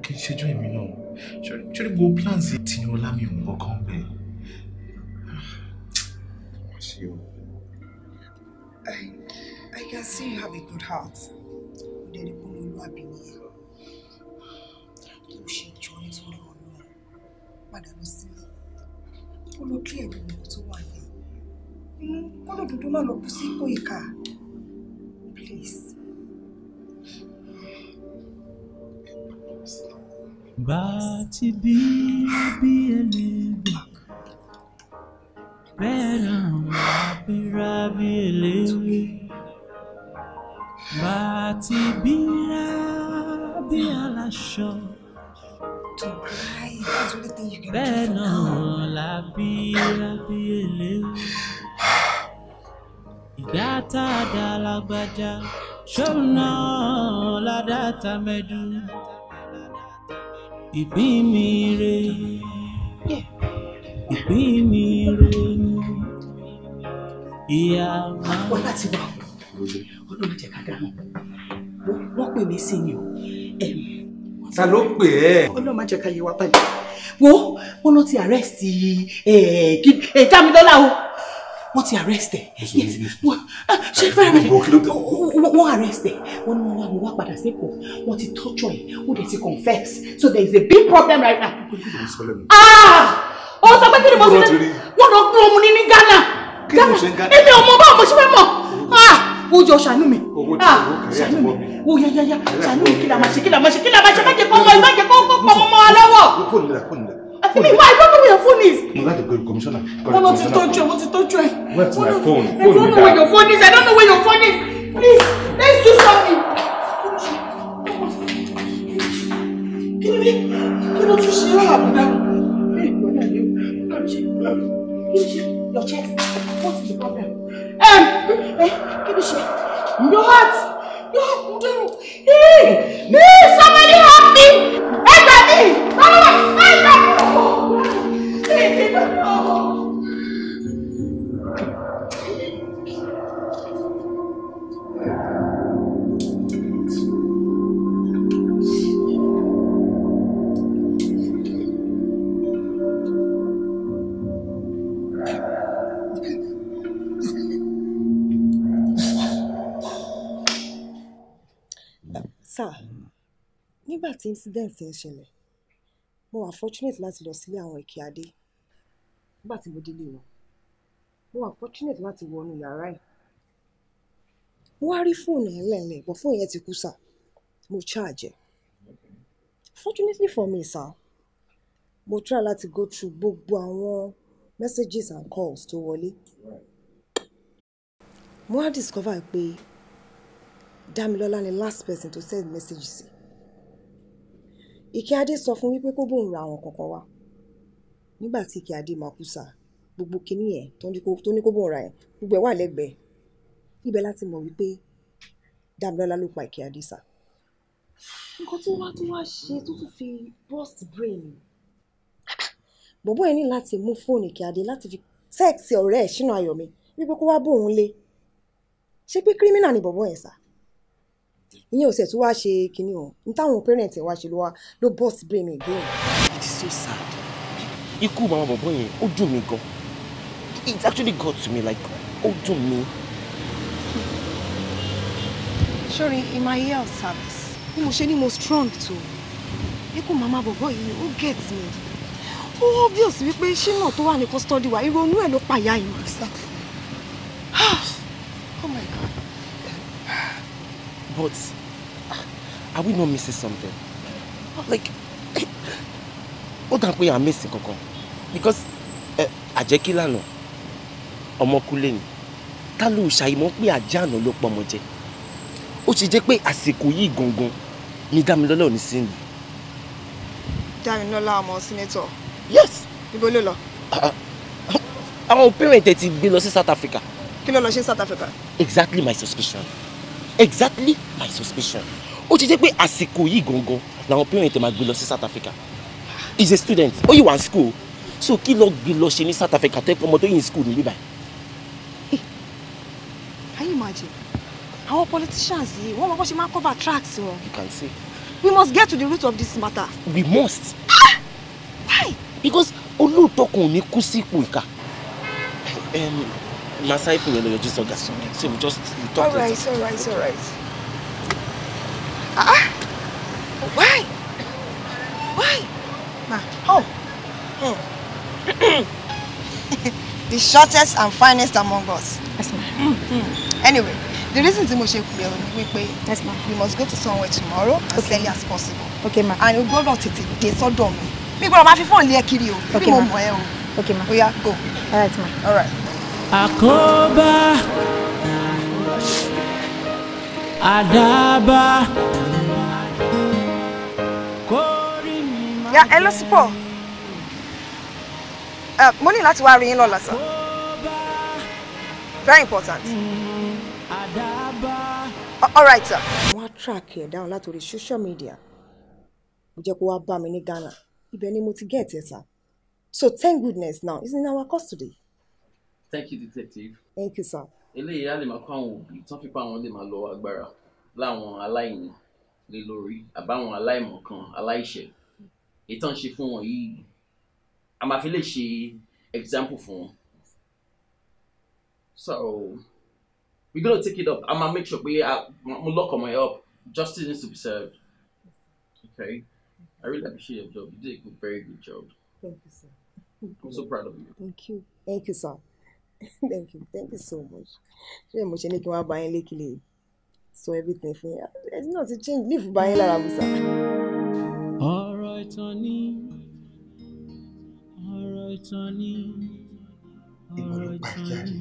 F: kí n ṣẹjọ́ èmi náà ṣórí gbogbo plans tìyàn ọlá mi ò ń kọ́kàn bẹ́ẹ̀.
I: I, I can see you have a good heart. Ọ̀dẹ̀ ni kò lọ́ọ́ àbí nìyẹn. Kí o ṣe jọ nítorí ọ̀nà padà lọ sílé. Ó lọ kí ẹ̀rù ìwọ tó wà ní. Hmm, Kọ́lọ̀ dúdú má
C: lọ kú sí ipò ìkà. Please.
B: bá ti bí bí eléwé bẹ́ẹ̀ náà wà bíra bí eléwé bá ti bíra bí aláṣọ. To cry, that's the only thing you can do for now. la bí la bí eléwé. Ìdá tá a dá lágbájá, ṣóun náà la dá tá mẹ́dùn. ìpín mi re ìpín mi re ni ìyá máa. ọlá ti wà
C: ọlọ́run jẹ́ ká dáhùn wọ́n pè mí sí ni o.
H: ta ló pè ẹ́.
C: ọlọ́run má jẹ́ ká yẹ wá balẹ̀ wo wọ́n ló ti arrest eh, eh, Dámilọ́lá o wọ́n ti arrest ẹ̀ ṣe fẹ́rẹ̀ mi wọ́n arrest ẹ̀ wọ́n ní wọ́n wá mi wá padà sẹ́kọ̀ọ́ wọ́n ti torture ẹ̀ ó dẹ̀ ti confess so there is a big problem right now. Ah!
D: ó sọ pé kí ni mo sọ pé wọ́n lọ gún ọmọ ní ní Ghana èmi ò mọ bá ọmọ
C: ṣe fẹ́ mọ̀ wo ah! jọ ṣàánú mi ah! ṣàánú mi wo yáyáyá ṣàánú mi kí la máa ṣe kí la máa máa ṣe má jẹ kó ọmọ ìbá jẹ kó ọmọ ọmọ wa
H: lọ́wọ́.
C: Akimi, why? I don't know where your phone
H: is. No, that's the good commissioner. I want to touch
C: you. I want to touch you.
H: Where's my phone? I don't know where
C: your phone is. I don't know where your phone is. Please, let's do something.
B: Kí ló dé? Kí ló
C: tún Your chest. What is the problem? Um, eh, kí ló ṣe? Your heart. Somebody help me! Help me! Help me!
A: Help me!
I: sir nígbà tí incident yẹn ṣẹlẹ̀ mo wà fortunate láti lọ sílé àwọn èkè adé nígbà tí mo délé wọn mo wà fortunate láti wọnú yàrá ẹ̀ mo wá rí fóònù ẹ̀ lẹ́ẹ̀lẹ́ ìbọn fóònù yẹn ti kú sir mo charge fortunately for me sir mo try láti go through gbogbo àwọn messages and calls tó wọlé mo wá discover pé Dámilọ́lá ni last person to send message sí Ìkíadé sọ fún wípé kó bóun ra àwọn kankan wá nígbà tí Ìkíadé máa kú sáà gbogbo kinní yẹn tó ní kó bóun ra yẹn gbogbo ẹ̀ wà lẹ́gbẹ̀ẹ́ ibẹ̀ láti mọ̀ wípé Dámilọ́lá ló pa Ìkíadé sáà nǹkan tí wọ́n tún wá ṣe tó tún fi burst brain bọ̀bọ́ ẹ̀ ní láti mú fóònù Ìkíadé láti fi tẹ́ẹ̀tì ọ̀rẹ́ ẹ̀ Ṣínà Ayọ̀mí wípé kó wá bóun lé ṣé pé kírímínà ni bọ̀bọ́ yẹn sáà ìyẹn ò tó wá ṣe kinní o n táwọn parent wá ṣe ló wá ló burst brain ẹ̀ gbẹ́yìn. it is so sad
F: ikú màmá bọ̀bọ̀ yẹn ó dùn mí gan it actually got to me like ó dùn mí.
I: sori in my health service bí mo ṣe ní mo strong tó ikú màmá bọ̀bọ̀ yìí ó get me ó obvious wípé ṣínà tó wà ní custody wa ìrònú ẹ̀ ló pàyà yìí. Ah! oh my god.
F: But ah, are we not missing something? Like, what dà pé missing kankan because àjẹkí lànà ọmọkúlé ni ta ló
C: ṣàìmọ̀ pé àjẹ́ àná ló pọ̀ ọmọ jẹ ó ṣe jẹ́ pé àsìkò yìí gangan ni Dámilọ́lá ò ní sí ni.
I: yes. ibo ló lọ.
F: Ah, ah, àwọn parent ẹ South Africa.
I: Kilo ló South Africa.
F: exactly my suspicion exactly my suspicion ó ti jẹ́ pé àsìkò yìí gangan làwọn parent máa gbé lọ sí South Africa Is a student ó yìí wà ní school so kí lọ gbé lọ ṣe ní South Africa tó ẹ pọ tó yìí school níbí báyìí. Eh,
I: can you imagine Our politicians yìí wọ́n mọ̀ bó ṣe máa cover tracks wọn. you can see. we must get to the root of this matter.
F: we must.
I: Ah! why. because
F: olóòótọ́ kan ò ní kú sí ipò ìka. Masai fún yẹn lọ yọjú sọgà so we just talk all right, later.
I: all right all ah why why ma oh oh the shortest and finest among us. yes ma. Mm -hmm. anyway the reason tí mo ṣe pè ọ́ yes ma you must go to somewhere tomorrow as early as possible. okay ma and we'll go out dé the mi mi gbọ́dọ̀ máa fi fóònù lé ẹ kiri o bí mo mọ̀ ẹ́ o.
B: okay ma oya go. all right ma. all right àkóbá adaba. ya ẹ lọ sí pọ
I: mo ní láti wá rí yín lọ́la sá very important all right sir. wọ́n á track ẹ̀ down látòrí social media mo jẹ́ kó wá bá mi ní Ghana ibẹ̀ ni mo ti get ẹ̀ so thank goodness now it's in our custody
C: thank you detective. thank you sir. eléyìí á lè máa kó àwọn òbí tán fipá àwọn lè máa lọ agbára láwọn aláìní lé lórí àbáwọn aláìmọ̀kan aláìṣẹ̀ ìtàn ṣe fún wọn yìí a máa fi lè ṣe example fún wọn. so we gonna take it up a máa make sure pé mo lock ọmọ up justice needs to be served okay i really appreciate your job you did a good, very good job. thank you sir. i'm so proud of you.
I: thank you thank you sir. thank you thank you so much ṣé mo ṣe ní kí wọ́n bá yín lékì lè everything fún yín ẹni náà ti change leave bá yín lára
B: musa. ọ̀rọ̀ ìtàn ni ọ̀rọ̀ ìtàn ni ọ̀rọ̀ ìtàn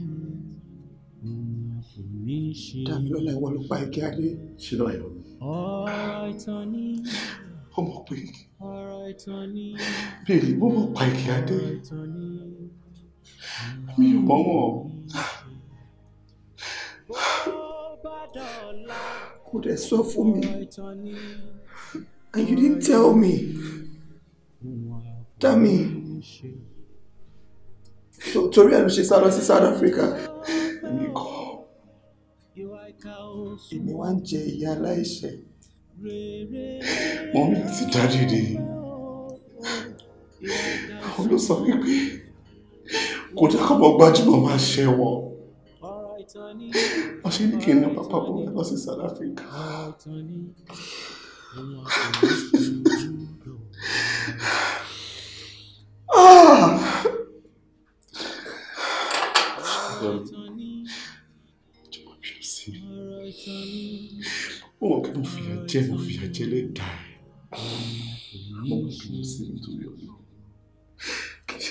F: ni dàmílọ́lá ìwọ ló pa ike adé ṣínà ẹ̀rọ mi.
B: ọ̀rọ̀ ìtàn ni ọmọ pé bèrè bó mọ̀ pa ike adé mi ò mọ̀
E: wọ́n kò dẹ̀ sọ and you didn't tell me Dami so Tori and ló ṣe sá lọ sí South Africa èmi kọ́ èmi wá ń jẹ ìyá aláìṣẹ̀ mọ́mí
F: àti dáàdì dé àwọn ló sọ wípé kò jẹ́ kọ́mọ gbajúmọ̀ máa ṣe wọ̀ wọ́n ṣe ní kí n ní pápá bò lọ sí South Africa. ó kí mo fìyà jẹ mo fìyà jẹ lẹ́dàá ẹ̀ mo kì í sí nítorí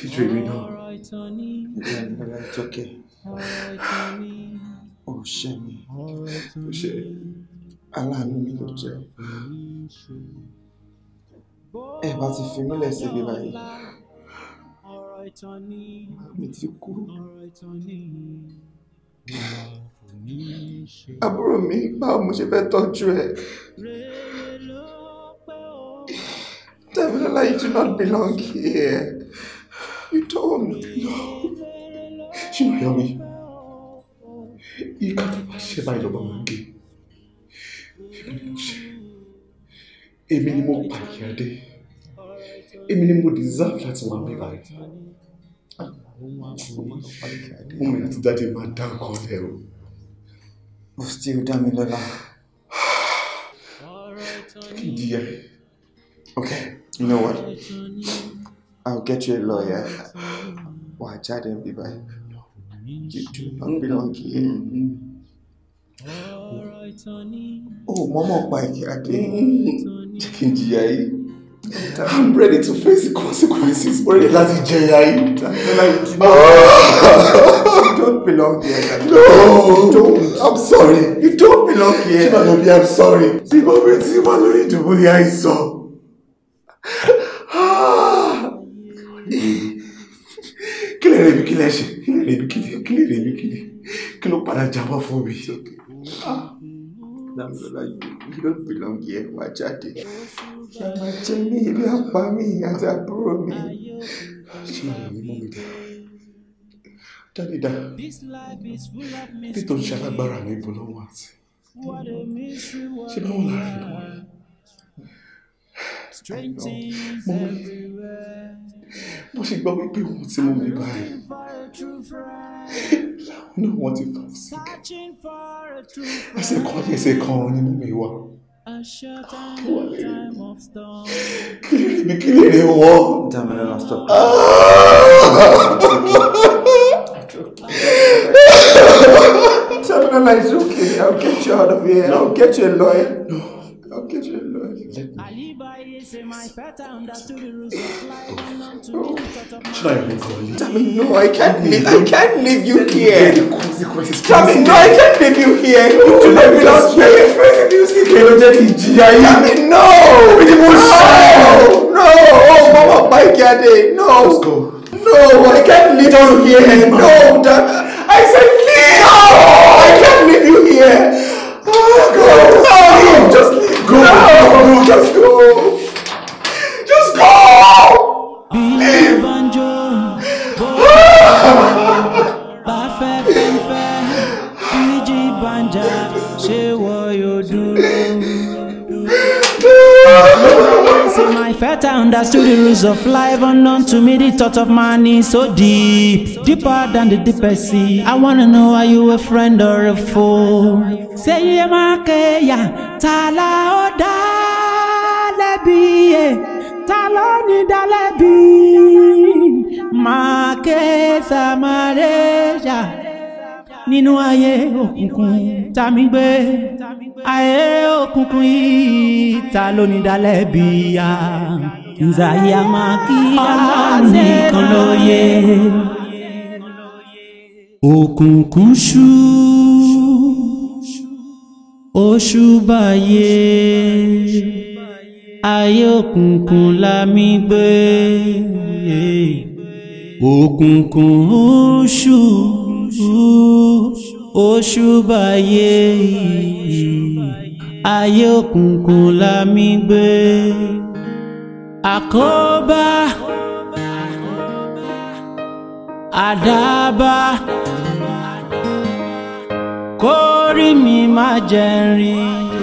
E: títú èmi náà. ìgbà ìgbàlá ìtọ́kẹ́ ọ̀ṣẹ́ mi ṣe aláàánú mi ló jẹ́
B: ẹ bá ti fi mílẹ̀ síbi báyìí mi ti
E: kú àbúrò mi báwo mo ṣe fẹ́ tọ́jú ẹ Tamilola you do not belong here
F: freedom. No. Ṣìnàyọ̀mí, ìka tó bá
E: ṣe báyìí lọ́ba máa gé.
F: Èmi ni mo ṣe. Èmi ni mo pààyàn adé. Èmi ni mo deserve láti wà mí báyìí.
E: Mo mìíràn ti jáde máa dá nǹkan lẹ̀ o. Mo still dá mi lọ́la. Kí n jìyà. Okay, you know what? I'll get you a lawyer. Wà á jáde ń You do not mm-hmm. belong here. Oh, mama, why ìkíákí. Jẹ́ kí n I'm ready to face the consequences. Mo ready láti jẹ You don't belong here. No,
F: you don't. I'm sorry. You don't belong here. Ṣé màá lọ bí I'm sorry? Bí mo bẹ̀rẹ̀ sí wà lórí ìdìbò ní kí
E: lè rèébi kí lè ṣe kí lè rèébi kí lè kí lè rèébi kí lè kí ló padà jábọ́ fún mi. Dámilọ́lá ah. you don't belong here wá jáde. Yàrá jẹ́ ní ilé apá mi àti àbúrò mi. Ṣé
F: ìyá mi mọ́ mi dá? Dáàdì dá.
B: Bí tó ń ṣe alágbára
F: ní ibo lọ́wọ́ àti.
B: Ṣé báwo lára ìlú wa? Mo mọ̀ bó ṣe gbọ́ wípé
F: òun tí mo mi báyìí láwọn náà wọ́n ti fà síkẹ̀ ẹsẹ̀ kan yẹ ẹsẹ̀ kan nínú mi wá kí wà lè kí lè mi kí lè rí wọ́n. damina na ah! stop.
E: damina na it's okay I'll get you out of here no. I'll get you a lawyer.
A: No. I'll get you a lawyer. Let me. Jamin,
E: no, I can't leave. I can't leave you here. me, no, I
F: can't leave you here. You do not belong here. Jamin, no. No. No. Oh, Mama, my God, no. Let's go. No, I can't leave you here. No, that, I said leave. No, I can't leave you here. Oh, God. No, just leave. Go. No, just go. Let's go! Leave!
B: ṣé wọ́n yóò dúró. My faith, I understood the rules of life unknown to me. The thought of man is so deep, deeper than the deepest sea. I wanna know are you a friend or a foe? Ṣé yẹ máa kẹ́yà? Ta la ó dá lẹ́bi yẹn? ta ló ní dálẹ́bi máa ké samaria nínú ayé òkùnkùn tami gbé ayé òkùnkùn yìí ta ló ní dálẹ́bi ya nzàyà máa kí ọlọ́run nìkan ló yẹ òkùnkùn ṣú oṣù báyé ayé òkùnkùn la mi gbé òkùnkùn oṣù oṣù báyé ayé la mi gbé àkóbá àdábá kórìí mi má jẹ́ rìn.